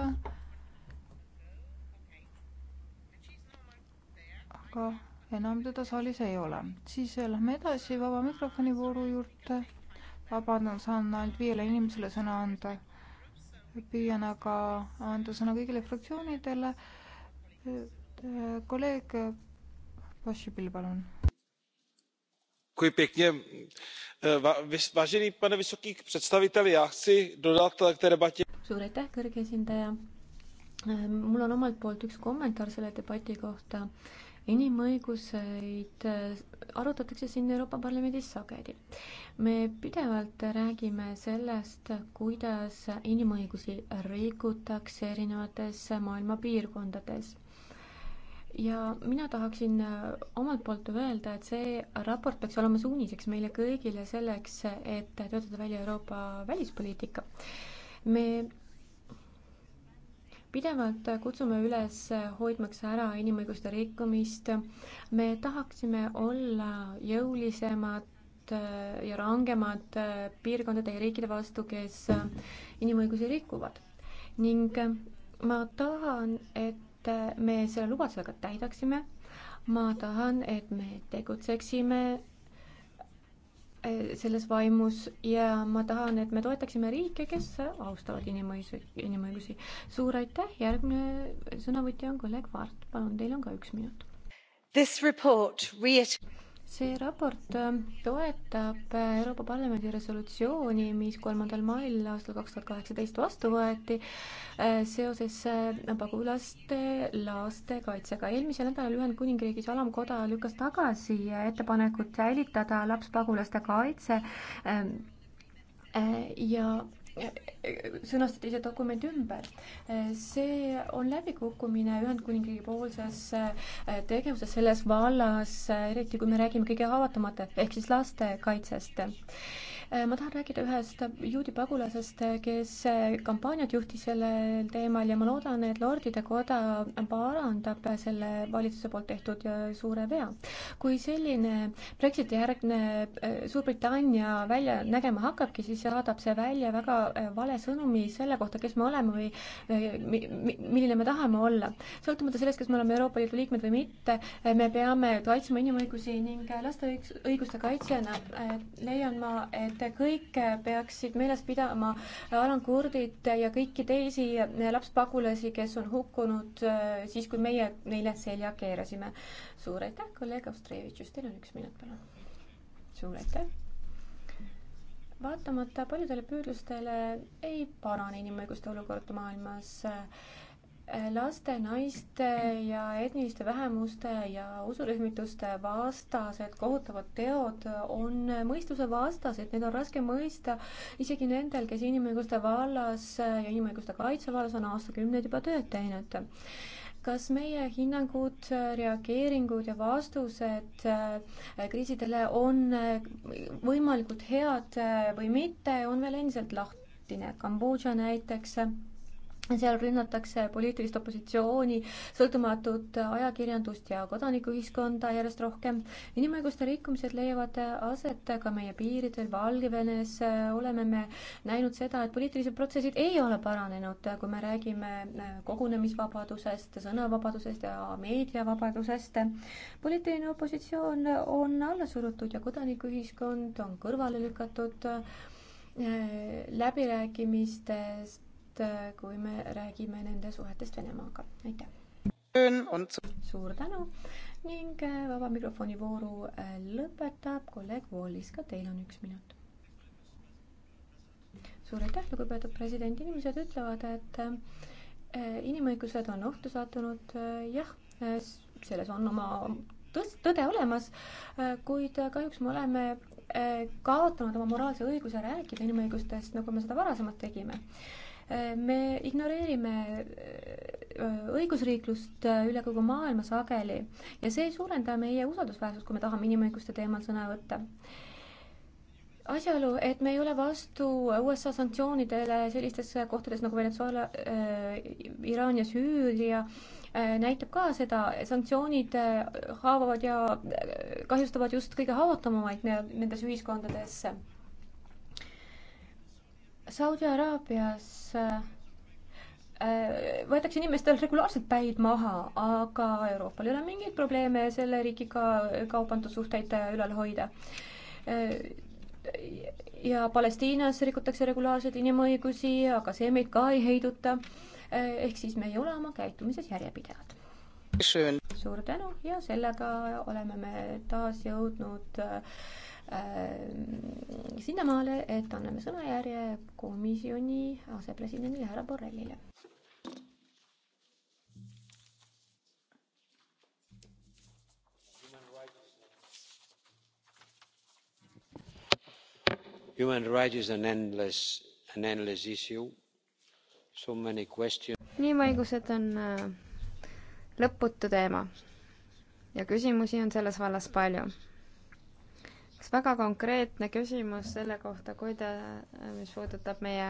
aga enam teda saalis ei ole. siis lähme edasi vaba mikrofoni vooru juurde vabandan, saan ainult viiele inimesele sõna anda. püüan aga anda sõna kõigile fraktsioonidele. kolleeg Vašipil, palun. Eh, vážený pane vysoký představitel, já chci dodat k té debatě. Suur aitäh, kõrge esindaja. Eh, mul on omalt poolt üks kommentaar selle debati kohta inimõiguseid äh, arutatakse siin Euroopa Parlamendis sageli. me pidevalt räägime sellest, kuidas inimõigusi rikutakse erinevates maailma piirkondades ja mina tahaksin äh, omalt poolt öelda, et see raport peaks olema suuniseks meile kõigile selleks, et töötada välja Euroopa välispoliitika. me pidevalt kutsume üles hoidmaks ära inimõiguste rikkumist. me tahaksime olla jõulisemad ja rangemad piirkondade ja riikide vastu, kes inimõigusi rikuvad. ning ma tahan, et me selle lubaduse ka täidaksime. ma tahan, et me tegutseksime Eh, selles vaimus ja ma tahan, et me toetaksime riike, kes austavad inimõigusi, inimõigusi. suur aitäh, järgmine sõnavõtja on kolleeg Vaart, palun, teil on ka üks minut see raport äh, toetab äh, Euroopa Parlamendi resolutsiooni, mis kolmandal mail aastal kaks tuhat kaheksateist vastu võeti äh, seoses pagulaste laste kaitsega. eelmisel nädalal Ühendkuningriigis alamkoda lükkas tagasi ettepanekut säilitada lapspagulaste kaitse ähm, ja sõnastati see dokument ümber. see on läbikukkumine Ühendkuningriigi poolses äh, tegevuses selles vallas, äh, eriti kui me räägime kõige haavatamatest ehk siis lastekaitsest Äh, ma tahan rääkida ühest juudi pagulasest, kes äh, kampaaniat juhtis sellel teemal ja ma loodan, et Lordide Koda parandab selle valitsuse poolt tehtud äh, suure vea. kui selline Brexiti järgne Suurbritannia välja nägema hakkabki, siis saadab see välja väga vale sõnumi selle kohta, kes me oleme või milline me tahame olla. sõltumata sellest, kas me oleme Euroopa Liidu liikmed või mitte, me peame kaitsma inimõigusi ning laste õiguste kaitsjana leian ma, et kõik peaksid meeles pidama Alan Kurdit ja kõiki teisi lapspagulasi, kes on hukkunud äh, siis, kui meie neile selja keerasime. suur aitäh, kolleeg Austrevitšus, teil on üks minut, palun. suur aitäh vaatamata paljudele püüdlustele ei parane inimõiguste olukord maailmas äh, Äh, laste, naiste ja etniliste vähemuste ja usurühmituste vastased kohutavad teod on mõistusevastased, neid on raske mõista isegi nendel, kes inimõiguste vallas ja inimõiguste kaitse vallas on aastakümneid juba tööd teinud. kas meie hinnangud, reageeringud ja vastused äh, kriisidele on äh, võimalikult head või mitte, on veel endiselt lahtine. Kambodža näiteks seal rünnatakse poliitilist opositsiooni, sõltumatut ajakirjandust ja kodanikuühiskonda järjest rohkem. inimõiguste rikkumised leiavad aset ka meie piiridel, Valgevenes oleme me näinud seda, et poliitilised protsessid ei ole paranenud, kui me räägime äh, kogunemisvabadusest, sõnavabadusest ja meediavabadusest. poliitiline opositsioon on alla surutud ja kodanikuühiskond on kõrvale lükatud äh, läbirääkimistest Äh, kui me räägime nende suhetest Venemaaga. aitäh! suur tänu ning äh, vaba mikrofoni vooru äh, lõpetab kolleeg Wallis, ka teil on üks minut. suur aitäh, lugupeetud president, inimesed ütlevad, et inimõigused on ohtu sattunud, jah, selles on oma tõs-, tõde olemas, kuid kahjuks me oleme kaotanud oma moraalse õiguse rääkida inimõigustest, nagu me seda varasemalt tegime me ignoreerime äh, õigusriiklust äh, üle kogu maailma sageli ja see ei suurenda meie usaldusväärsust, kui me tahame inimõiguste teemal sõna võtta. asjaolu, et me ei ole vastu USA sanktsioonidele sellistes kohtades nagu Venezuela äh,, Iraan ja Süüria äh,, näitab ka seda, sanktsioonid äh, haavavad ja äh, kahjustavad just kõige haavatavamaid nendes ühiskondades Saudi Araabias äh, võetakse inimestel regulaarselt päid maha, aga Euroopal ei ole mingeid probleeme selle riigiga kaubandussuhteid ülal hoida. Äh, ja Palestiinas rikutakse regulaarselt inimõigusi, aga see meid ka ei heiduta. Äh, ehk siis me ei ole oma käitumises järjepidevad. suur tänu ja sellega oleme me taas jõudnud äh, Äh, sinnamaale, et anname sõnajärje komisjoni asepresidendile härra Borrellile. human rights is an endless, an endless issue. So many questions. inimõigused on äh, lõputu teema ja küsimusi on selles vallas palju üks väga konkreetne küsimus selle kohta, kuida-, mis puudutab meie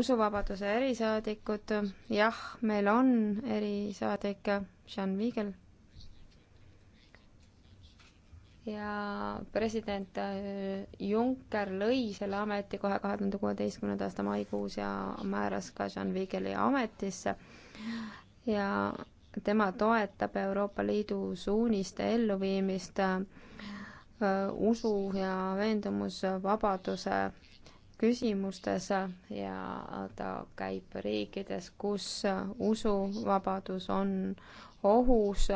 usuvabaduse erisaadikud, jah, meil on erisaadik Jean Vigel ja president äh, Juncker lõi selle ametikoha kahe tuhande kuueteistkümnenda aasta maikuus ja määras ka Jean Vigeli ametisse ja tema toetab Euroopa Liidu suuniste elluviimist äh, Äh, usu ja veendumusvabaduse küsimustes ja ta käib riikides, kus usuvabadus on ohus,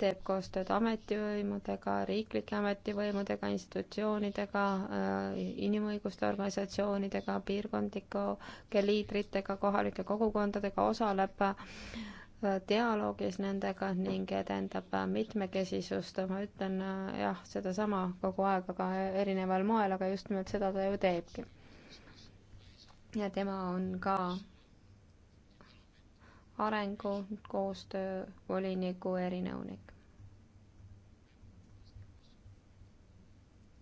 teeb koostööd ametivõimudega, riiklike ametivõimudega, institutsioonidega, äh, inimõiguste organisatsioonidega, piirkondlike liidritega, kohalike kogukondadega, osaleb dialoogis nendega ning edendab mitmekesisust, ma ütlen jah, sedasama kogu aeg, aga erineval moel, aga just nimelt seda ta ju teebki. ja tema on ka arengukoostöö voliniku erinõunik.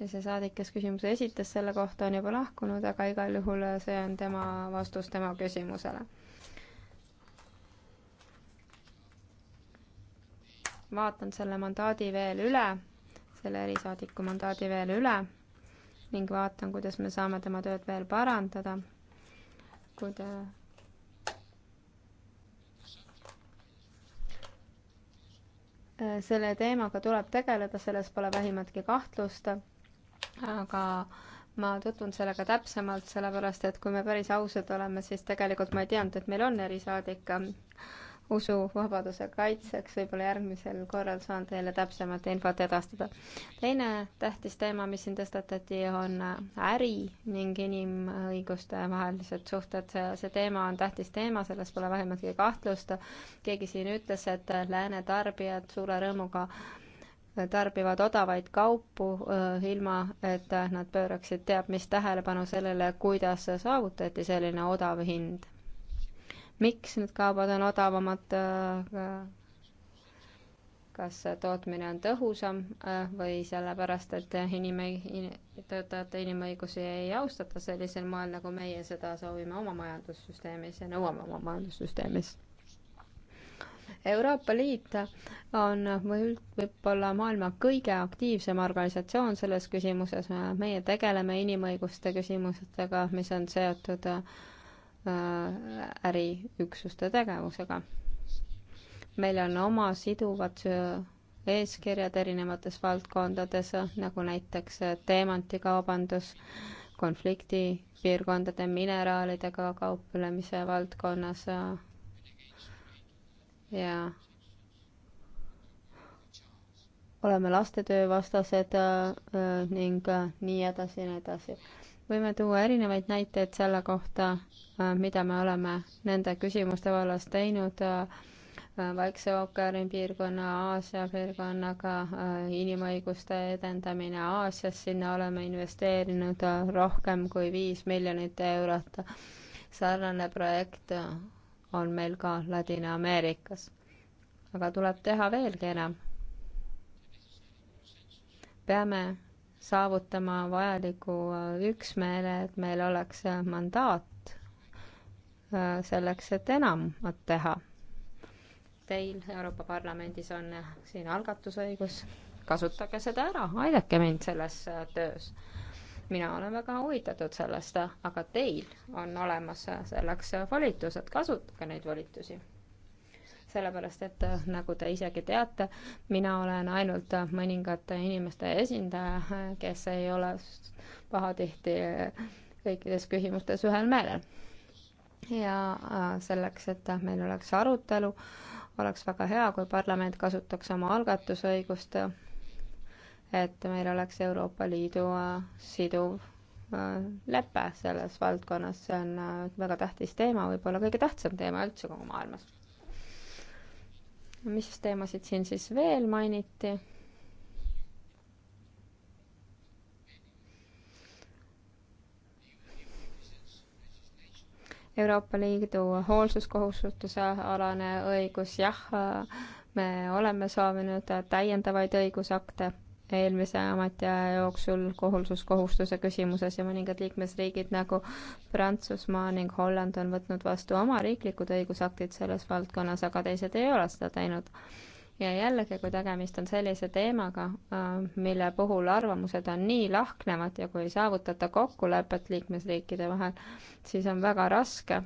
ja see saadik, kes küsimuse esitas selle kohta, on juba lahkunud, aga igal juhul see on tema vastus tema küsimusele vaatan selle mandaadi veel üle, selle erisaadiku mandaadi veel üle ning vaatan, kuidas me saame tema tööd veel parandada, kui ta selle teemaga tuleb tegeleda, selles pole vähimatki kahtlust, aga ma tutvun sellega täpsemalt, sellepärast et kui me päris ausad oleme, siis tegelikult ma ei teadnud, et meil on erisaadik usuvabaduse kaitseks, võib-olla järgmisel korral saan teile täpsemalt infot edastada. teine tähtis teema, mis siin tõstatati, on äri ning inimõiguste vahelised suhted. see teema on tähtis teema, selles pole vähimatki kahtlust. keegi siin ütles, et lääne tarbijad suure rõõmuga tarbivad odavaid kaupu äh, ilma, et nad pööraksid teab mis tähelepanu sellele, kuidas saavutati selline odav hind miks need kaubad on odavamad, äh, kas tootmine on tõhusam äh, või sellepärast, et inimõi-, töötajate inimõigusi ei austata sellisel moel, nagu meie seda soovime oma majandussüsteemis ja nõuame oma majandussüsteemis. Euroopa Liit on võib-olla maailma kõige aktiivsem organisatsioon selles küsimuses, meie tegeleme inimõiguste küsimustega, mis on seotud äh, Äh, äriüksuste tegevusega. meil on oma siduvad äh, eeskirjad erinevates valdkondades, äh, nagu näiteks teemantikaubandus, konfliktipiirkondade mineraalidega kauplemise valdkonnas ja oleme lastetöövastased ning nii edasi ja nii edasi võime tuua erinevaid näiteid selle kohta, äh, mida me oleme nende küsimuste vallas teinud äh, Vaikse ookeani piirkonna, Aasia piirkonnaga, äh, inimõiguste edendamine Aasias, sinna oleme investeerinud rohkem kui viis miljonit eurot. sarnane projekt on meil ka Ladina-Ameerikas. aga tuleb teha veelgi enam. peame saavutama vajaliku äh, üksmeele, et meil oleks äh, mandaat äh, selleks, et enamat teha. Teil Euroopa Parlamendis on siin algatusõigus, kasutage seda ära, aidake mind selles töös. mina olen väga huvitatud sellest, aga teil on olemas selleks volitused, kasutage neid volitusi sellepärast et äh, nagu te isegi teate, mina olen ainult mõningate inimeste esindaja, kes ei ole pahatihti kõikides küsimustes ühel meelel. ja äh, selleks, et meil oleks arutelu, oleks väga hea, kui parlament kasutaks oma algatusõigust, et meil oleks Euroopa Liidu äh, siduv lepe selles valdkonnas, see on väga tähtis teema, võib-olla kõige tähtsam teema üldse kogu maailmas mis teemasid siin siis veel mainiti? Euroopa Liidu hoolsuskohustuse alane õigus, jah, me oleme soovinud täiendavaid õigusakte eelmise ametiaja jooksul kohulsuskohustuse küsimuses ja mõningad liikmesriigid nagu Prantsusmaa ning Holland on võtnud vastu oma riiklikud õigusaktid selles valdkonnas, aga teised ei ole seda teinud. ja jällegi, kui tegemist on sellise teemaga, äh, mille puhul arvamused on nii lahknevad ja kui ei saavutata kokkulepet liikmesriikide vahel, siis on väga raske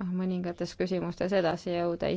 mõningates küsimustes edasi jõuda,